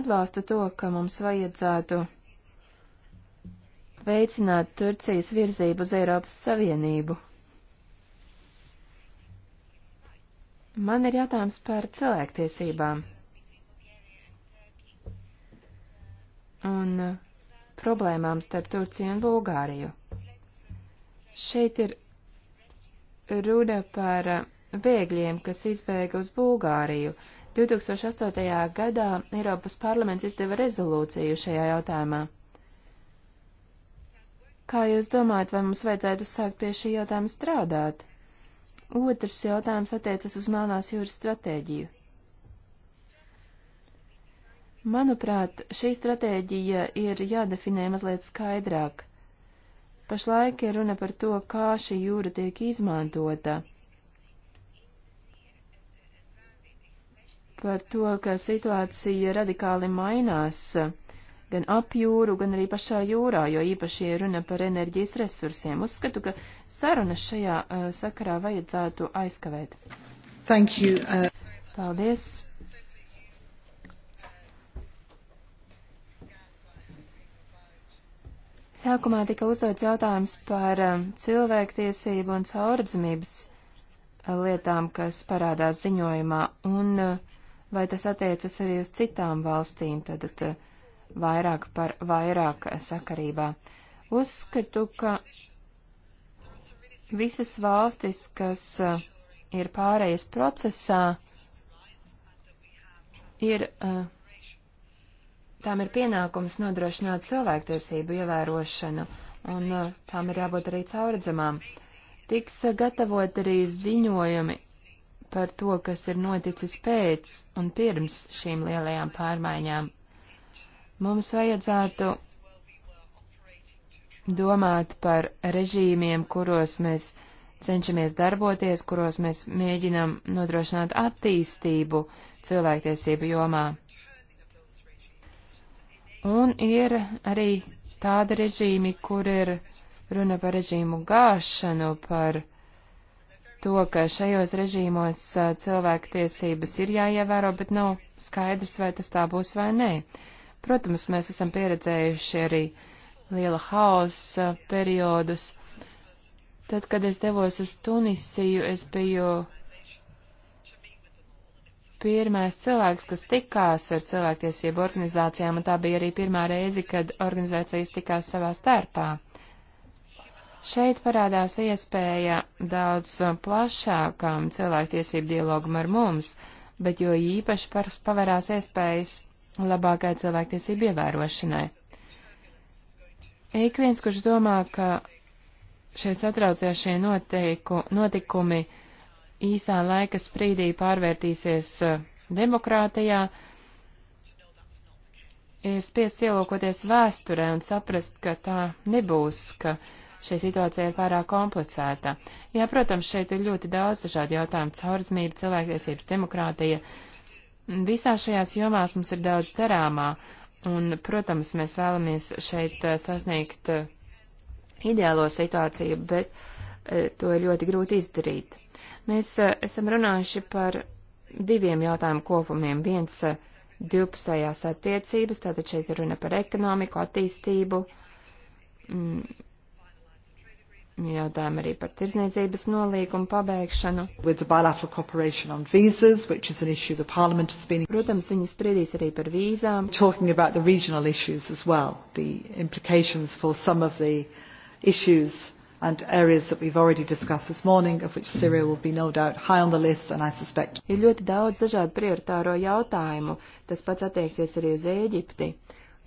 atbalstu to, ka mums vajadzētu veicināt Turcijas virzību uz Eiropas Savienību. Man ir jautājums par cilvēktiesībām. Un uh, problēmām starp Turciju un Bulgāriju. Šeit ir runa par uh, bēgļiem, kas izbēga uz Bulgāriju. 2008. gadā Eiropas parlaments izdeva rezolūciju šajā jautājumā. Kā jūs domājat, vai mums vajadzētu sākt pie šī jautājuma strādāt? Otrs jautājums attiecas uz Melnās jūras stratēģiju. Manuprāt, šī stratēģija ir jādefinē mazliet skaidrāk. Pašlaik ir runa par to, kā šī jūra tiek izmantota. Par to, ka situācija radikāli mainās gan ap jūru, gan arī pašā jūrā, jo īpaši ir runa par enerģijas resursiem. Uzskatu, ka sarunas šajā uh, sakarā vajadzētu aizkavēt. Thank you. Uh... Paldies. Sākumā tika uzdots jautājums par eh, cilvēktiesību un caurdzamības eh, lietām, kas parādās ziņojumā, un vai tas attiecas arī uz citām valstīm, tad vairāk par vairāk sakarībā. Uzskatu, ka Visas valstis, kas eh, ir pārējas procesā, ir, eh, tām ir pienākums nodrošināt cilvēktiesību ievērošanu, un eh, tām ir jābūt arī cauredzamām. Tiks gatavot arī ziņojumi par to, kas ir noticis pēc un pirms šīm lielajām pārmaiņām. Mums vajadzētu domāt par režīmiem, kuros mēs cenšamies darboties, kuros mēs mēģinam nodrošināt attīstību cilvēktiesību jomā. Un ir arī tādi režīmi, kur ir runa par režīmu gāšanu, par to, ka šajos režīmos cilvēktiesības ir jāievēro, bet nav skaidrs, vai tas tā būs vai nē. Protams, mēs esam pieredzējuši arī uh, liela haosa eh, periodus. Tad, kad es devos uz Tunisiju, es biju pirmais cilvēks, kas tikās ar cilvēktiesību organizācijām, un tā bija arī pirmā reize, kad organizācijas tikās savā starpā. Šeit parādās iespēja daudz plašākam cilvēktiesību dialogam ar mums, bet jo īpaši pavērās iespējas labākai cilvēktiesību ievērošanai. Ik viens, kurš domā, ka šie satraucošie notikumi īsā laika sprīdī pārvērtīsies eh, demokrātijā, ir spiests ielūkoties vēsturē un saprast, ka tā nebūs, ka šī situācija ir pārāk komplicēta. Jā, protams, šeit ir ļoti daudz dažādu jautājumu - caurzmība, cilvēktiesības, demokrātija. Visās šajās jomās mums ir daudz darāmā, Un, protams, mēs vēlamies šeit eh, sasniegt eh, ideālo situāciju, bet eh, to ir ļoti grūti izdarīt. Mēs esam runājuši par diviem jautājumu kopumiem. Viens divpusējās attiecības, tātad šeit ir runa par ekonomiku, attīstību, mm, Jautājumu arī par tirzniecības nolīgumu pabeigšanu. Visas, been... Protams, viņi spriedīs arī par vīzām. Talking about the regional issues as well, the implications for some of the issues and areas that we've already discussed this morning, of which Syria will be no doubt high on the list, and I suspect. Ir ļoti daudz dažādu prioritāro jautājumu. Tas pats attieksies arī uz Ēģipti.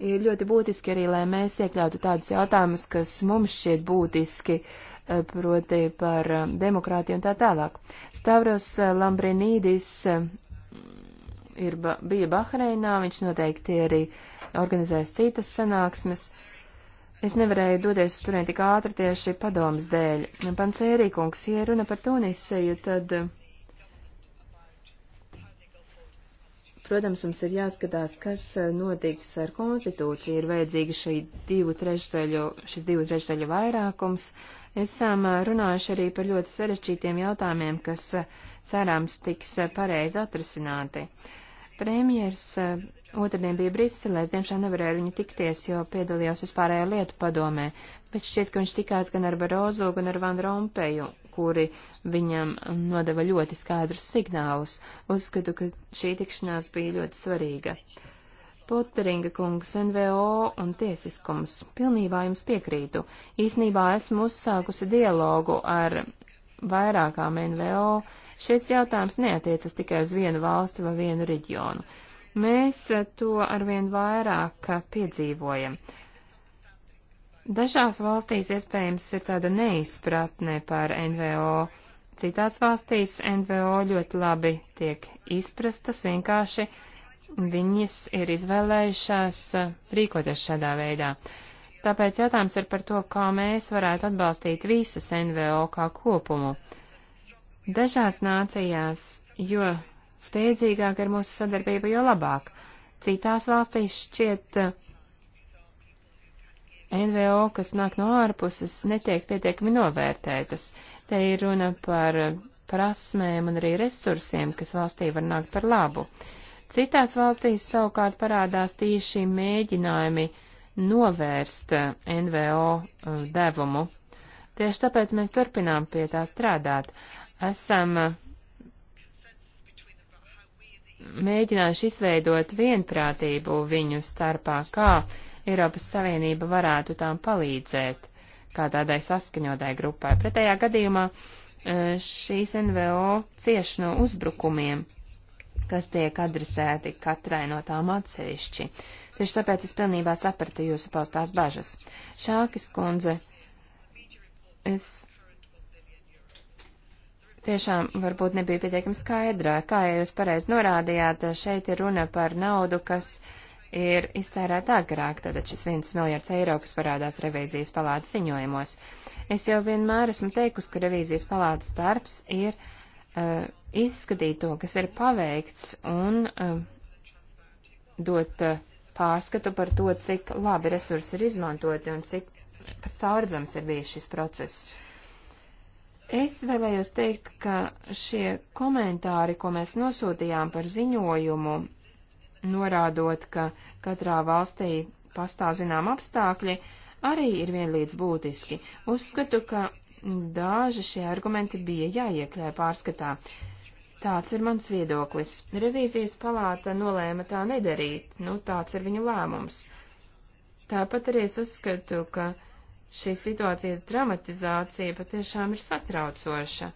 Ir ļoti būtiski arī, lai mēs iekļautu tādus jautājumus, kas mums šķiet būtiski, eh, proti par eh, demokrātiju un tā tālāk. Stavros eh, Lambrinīdis ir, bija Bahreinā, viņš noteikti arī organizēs citas sanāksmes. Es nevarēju doties uz turien tik ātri tieši padomas dēļ. Pancērīkungs, ja runa par Tunisiju, tad Protams, mums ir jāskatās, kas e, notiks ar konstitūciju. Ir vajadzīga šī divu trešdaļu, šis divu trešdaļu vairākums. Esam e, runājuši arī par ļoti sarešķītiem jautājumiem, kas e, cerams tiks pareizi atrisināti. Premjers otrdien bija Briselē, es diemžēl nevarēju ar viņu tikties, jo piedalījos vispārējo lietu padomē, bet šķiet, ka viņš tikās gan ar Barozo, gan ar Van Rompeju, kuri viņam nodeva ļoti skaidrus signālus. Uzskatu, ka šī tikšanās bija ļoti svarīga. Poteringa kungs, NVO un tiesiskums. Pilnībā jums piekrītu. Īsnībā esmu uzsākusi dialogu ar vairākām NVO. Šis jautājums neatiecas tikai uz vienu valsti vai vienu reģionu. Mēs to arvien vairāk piedzīvojam. Uh, Dažās valstīs iespējams ir tāda neizpratne par NVO. Citās valstīs NVO ļoti labi tiek izprastas, vienkārši viņas ir izvēlējušās rīkoties šādā veidā. Tāpēc jautājums ir par to, kā mēs varētu atbalstīt visas NVO kā kopumu. Dažās nācijās, jo spēcīgāka ir mūsu sadarbība, jo labāk. Citās valstīs šķiet, uh, NVO, kas nāk no ārpuses, netiek pietiekami novērtētas. Te ir runa par prasmēm un arī resursiem, kas valstī var nākt par labu. Citās valstīs savukārt parādās tieši mēģinājumi novērst eh, NVO eh, devumu. Tieši tāpēc mēs turpinām pie tā strādāt. Esam eh, mēģinājuši izveidot vienprātību viņu starpā, kā Eiropas Savienība varētu tām palīdzēt kā tādai saskaņotai grupai. Pretējā gadījumā e, šīs NVO cieš no uzbrukumiem, kas tiek adresēti katrai no tām atsevišķi. Tieši tāpēc es pilnībā sapratu jūsu paustās bažas. Šākis kundze, es tiešām varbūt nebija pietiekami skaidrā, kā ja jūs pareizi norādījāt, šeit ir runa par naudu, kas uh, ir iztērēta agrāk, tātad šis viens miljards eiro, kas parādās revīzijas palātas ziņojumos. Es jau vienmēr esmu teikusi, ka revīzijas palātas darbs ir uh, izskatīt to, kas ir paveikts un uh, dot uh, pārskatu par to, cik labi resursi ir izmantoti un cik caurdzams ir bijis šis process. Es vēlējos teikt, ka šie komentāri, ko mēs nosūtījām par ziņojumu, norādot, ka katrā valstī pastāv zinām apstākļi, arī ir vienlīdz būtiski. Uzskatu, ka daži šie argumenti bija jāiekļē pārskatā. Tāds ir mans viedoklis. Revīzijas palāta nolēma tā nedarīt, nu tāds ir viņu lēmums. Tāpat arī es uzskatu, ka šīs situācijas dramatizācija patiešām ir satraucoša.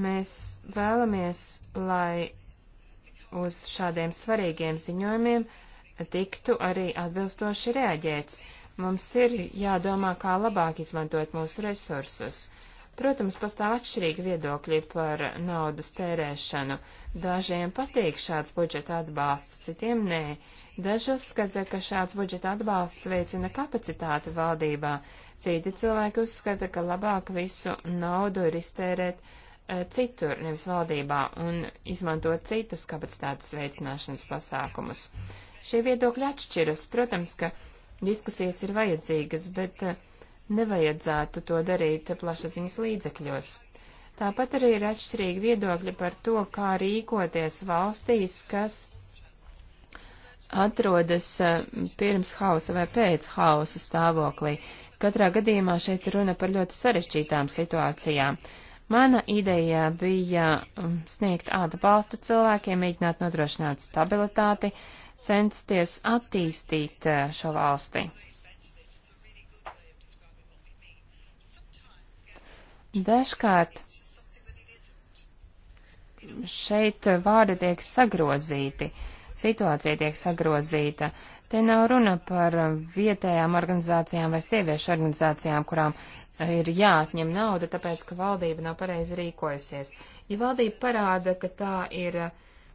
Mēs vēlamies, lai uz šādiem svarīgiem ziņojumiem tiktu arī atbilstoši reaģēts. Mums ir jādomā, kā labāk izmantot mūsu resursus. Protams, pastāv atšķirīgi viedokļi par naudas tērēšanu. Dažiem patīk šāds budžeta atbalsts, citiem nē. Daži uzskata, ka šāds budžeta atbalsts veicina kapacitāti valdībā, citi cilvēki uzskata, ka labāk visu naudu ir iztērēt Eh, citur, nevis valdībā, un izmantot citus kapacitātes veicināšanas pasākumus. Šie viedokļi atšķiras, protams, ka diskusijas ir vajadzīgas, bet eh, nevajadzētu to darīt plašaziņas līdzekļos. Tāpat arī ir atšķirīgi viedokļi par to, kā rīkoties valstīs, kas atrodas eh, pirms hausa vai pēc hausa stāvoklī. Katrā gadījumā šeit runa par ļoti sarežģītām situācijām. Mana ideja bija um, sniegt atbalstu cilvēkiem, mēģināt nodrošināt stabilitāti, censties attīstīt uh, šo valsti. Dažkārt šeit vārdi tiek sagrozīti, situācija tiek sagrozīta. Te nav runa par vietējām organizācijām vai sieviešu organizācijām, kurām ir jāatņem nauda, tāpēc, ka valdība nav pareizi rīkojusies. Ja valdība parāda, ka tā ir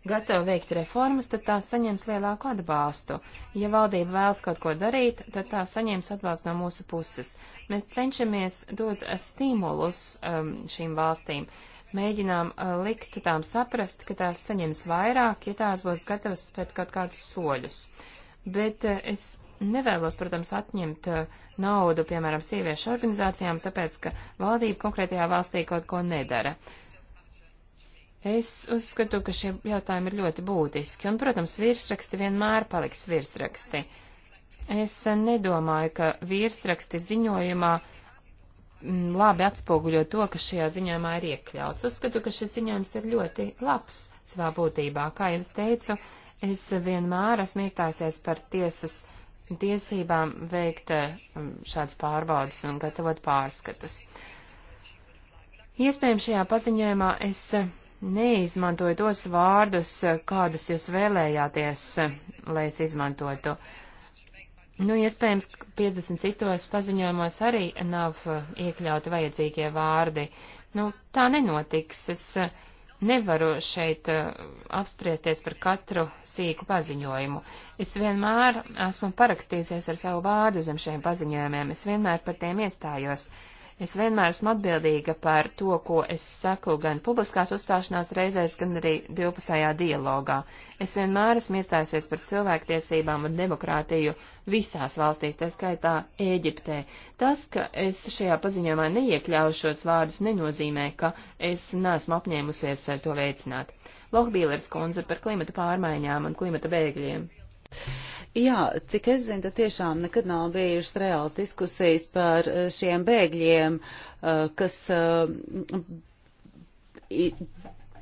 gatava veikt reformas, tad tā saņems lielāku atbalstu. Ja valdība vēlas kaut ko darīt, tad tā saņems atbalstu no mūsu puses. Mēs cenšamies dot stimulus um, šīm valstīm. Mēģinām uh, likt tām saprast, ka tās saņems vairāk, ja tās būs gatavas spēt kaut kādus soļus. Bet uh, es nevēlos, protams, atņemt uh, naudu, piemēram, sieviešu organizācijām, tāpēc, ka valdība konkrētajā valstī kaut ko nedara. Es uzskatu, ka šie jautājumi ir ļoti būtiski, un, protams, virsraksti vienmēr paliks virsraksti. Es nedomāju, ka virsraksti ziņojumā mm, labi atspoguļo to, kas šajā ziņojumā ir iekļauts. Uzskatu, ka šis ziņojums ir ļoti labs savā būtībā. Kā jau es teicu, es vienmēr esmu iestājusies par tiesas tiesībām veikt eh, šāds pārbaudas un gatavot pārskatus. Iespējams, šajā paziņojumā es eh, neizmantoju tos vārdus, eh, kādus jūs vēlējāties, lai es izmantotu. Nu, iespējams, 50 citos paziņojumos arī nav iekļauti vajadzīgie vārdi. Nu, tā nenotiks. Es nevaru šeit uh, apspriesties par katru sīku paziņojumu. Es vienmēr esmu parakstījusies ar savu vārdu zem šiem paziņojumiem, es vienmēr par tiem iestājos. Uh, Es vienmēr esmu atbildīga par to, ko es saku gan publiskās uzstāšanās reizēs, gan arī divpusējā dialogā. Es vienmēr esmu iestājusies par cilvēktiesībām un demokrātiju visās valstīs, tā skaitā Ēģiptē. Tas, ka es šajā paziņojumā neiekļaušos vārdus, nenozīmē, ka es neesmu apņēmusies to veicināt. Lohbīlers kundze par klimata pārmaiņām un klimata bēgļiem. Jā, cik es zinu, tad tiešām nekad nav bijušas reāls diskusijas par eh, šiem bēgļiem, eh, kas eh,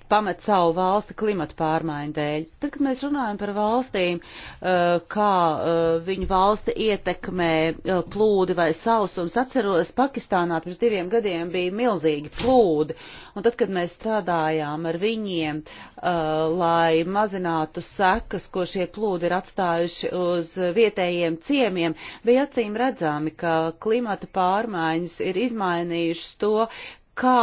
pamet savu valsti klimata pārmaiņu dēļ. Tad, kad mēs runājam par valstīm, eh, kā eh, viņu valsti ietekmē eh, plūdi vai sausums, atceros, Pakistānā pirms diviem gadiem bija milzīgi plūdi, un tad, kad mēs strādājām ar viņiem, lai mazinātu sekas, ko šie plūdi ir atstājuši uz vietējiem ciemiem, bija acīm redzami, ka klimata pārmaiņas ir izmainījušas to, kā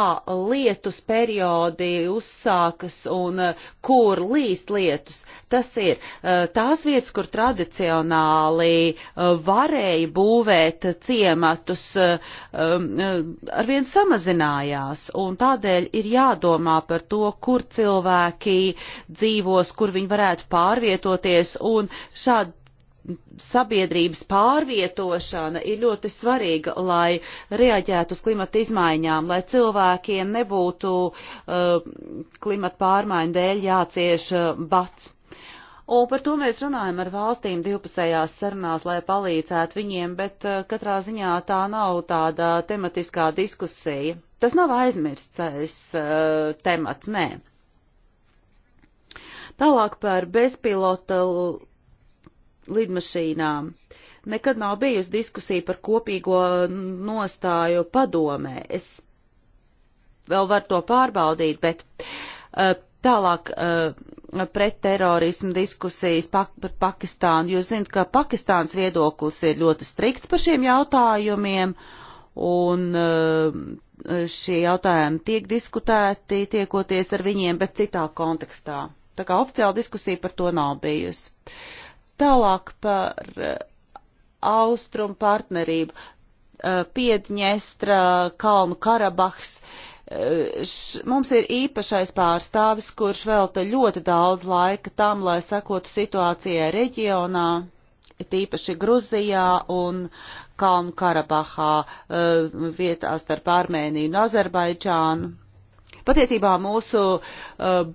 lietus periodi uzsākas un eh, kur līst lietus. Tas ir eh, tās vietas, kur tradicionāli eh, varēja būvēt ciematus, arvien samazinājās. Un tādēļ ir jādomā par to, kur cilvēki dzīvos, kur viņi varētu pārvietoties un šādi sabiedrības pārvietošana ir ļoti svarīga, lai reaģētu uz klimata izmaiņām, lai cilvēkiem nebūtu uh, klimata pārmaiņu dēļ jācieš uh, bats. Un par to mēs runājam ar valstīm divpusējās sarunās, lai palīdzētu viņiem, bet uh, katrā ziņā tā nav tāda tematiskā diskusija. Tas nav aizmirstais uh, temats, nē. Tālāk par bezpilota lidmašīnām. Nekad nav bijusi diskusija par kopīgo nostāju padomē. Es vēl varu to pārbaudīt, bet uh, tālāk uh, eh, pret terorismu diskusijas pak par Pakistānu. Jūs zinat, ka Pakistāns viedoklis ir ļoti strikts par šiem jautājumiem, un uh, šie jautājumi tiek diskutēti, tiekoties ar viņiem, bet citā kontekstā. Tā kā oficiāla diskusija par to nav bijusi. Uh, Tālāk par eh, austrumu partnerību. Eh, Piedņestra, Kalnu Karabahs. Eh, š, mums ir īpašais pārstāvis, kurš velta ļoti daudz laika tam, lai sekotu situācijai reģionā, tīpaši Gruzijā un Kalnu Karabahā vietā starp Armēniju un Azerbaidžānu. Patiesībā mūsu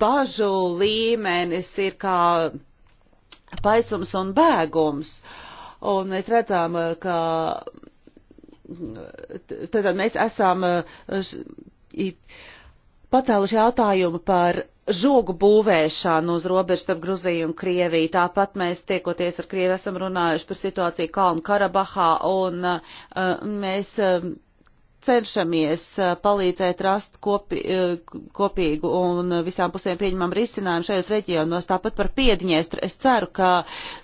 bažu līmenis ir kā paisums un bēgums. Un mēs redzam, eh, ka tad mēs esam eh, pacēluši jautājumu par žogu būvēšanu uz robežas starp Gruziju un Krieviju. Tāpat mēs tiekoties ar Krievi esam runājuši par situāciju Kalnu Karabahā un eh, mēs cenšamies eh, palīdzēt rast kopi, eh, kopīgu un visām pusēm pieņemam risinājumu šajos reģionos. Tāpat par Piedņestru es ceru, ka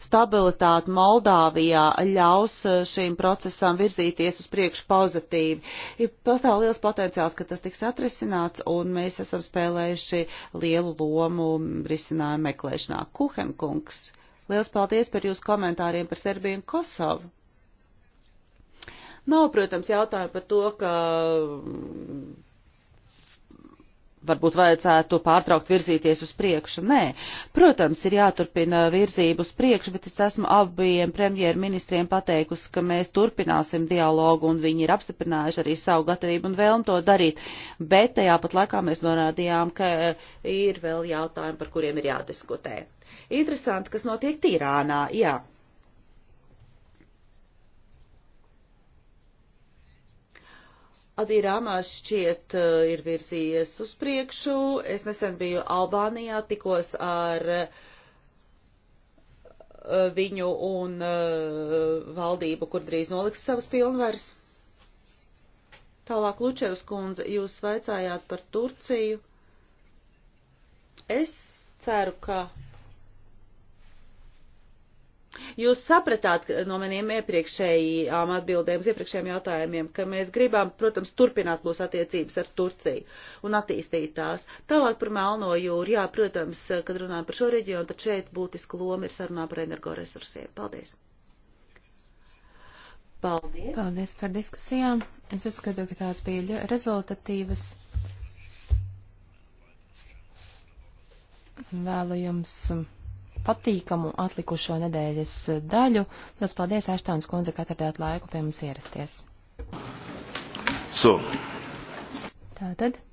stabilitāte Moldāvijā ļaus eh, šīm procesām virzīties uz priekšu pozitīvi. Ir pastāv liels potenciāls, ka tas tiks atrisināts, un mēs esam spēlējuši lielu lomu risinājumu meklēšanā. Kuhenkungs, liels paldies par jūsu komentāriem par Serbiju un Kosovu! Nav, protams, jautājumu par to, ka varbūt vajadzētu pārtraukt virzīties uz priekšu. Nē, protams, ir jāturpina virzību uz priekšu, bet es esmu abiem premjerministriem pateikusi, ka mēs turpināsim dialogu un viņi ir apstiprinājuši arī savu gatavību un vēlmu to darīt. Bet tajā pat laikā mēs norādījām, ka ir vēl jautājumi, par kuriem ir jādiskutē. Interesanti, kas notiek Tīrānā. Jā. Adīrāmā šķiet eh, ir virzījies uz priekšu. Es nesen biju Albānijā, tikos ar eh, viņu un eh, valdību, kur drīz noliks savas pilnvaras. Tālāk, Lučevs kundze, jūs vaicājāt par Turciju. Es ceru, ka Jūs sapratāt no maniem iepriekšējām um, atbildēm, uz iepriekšējiem jautājumiem, ka mēs gribam, protams, turpināt mūsu attiecības ar Turciju un attīstīt tās. Tālāk par Melno jūru, jā, protams, kad runājam par šo reģionu, tad šeit būtiska loma ir sarunā par energoresursiem. Paldies! Paldies! Paldies par diskusijām. Es uzskatu, ka tās bija rezultatīvas. Vēlu jums. Um, patīkamu atlikušo nedēļas daļu. Lielas paldies, Aštāns kundze, ka atradāt laiku pie mums ierasties. So. Tātad.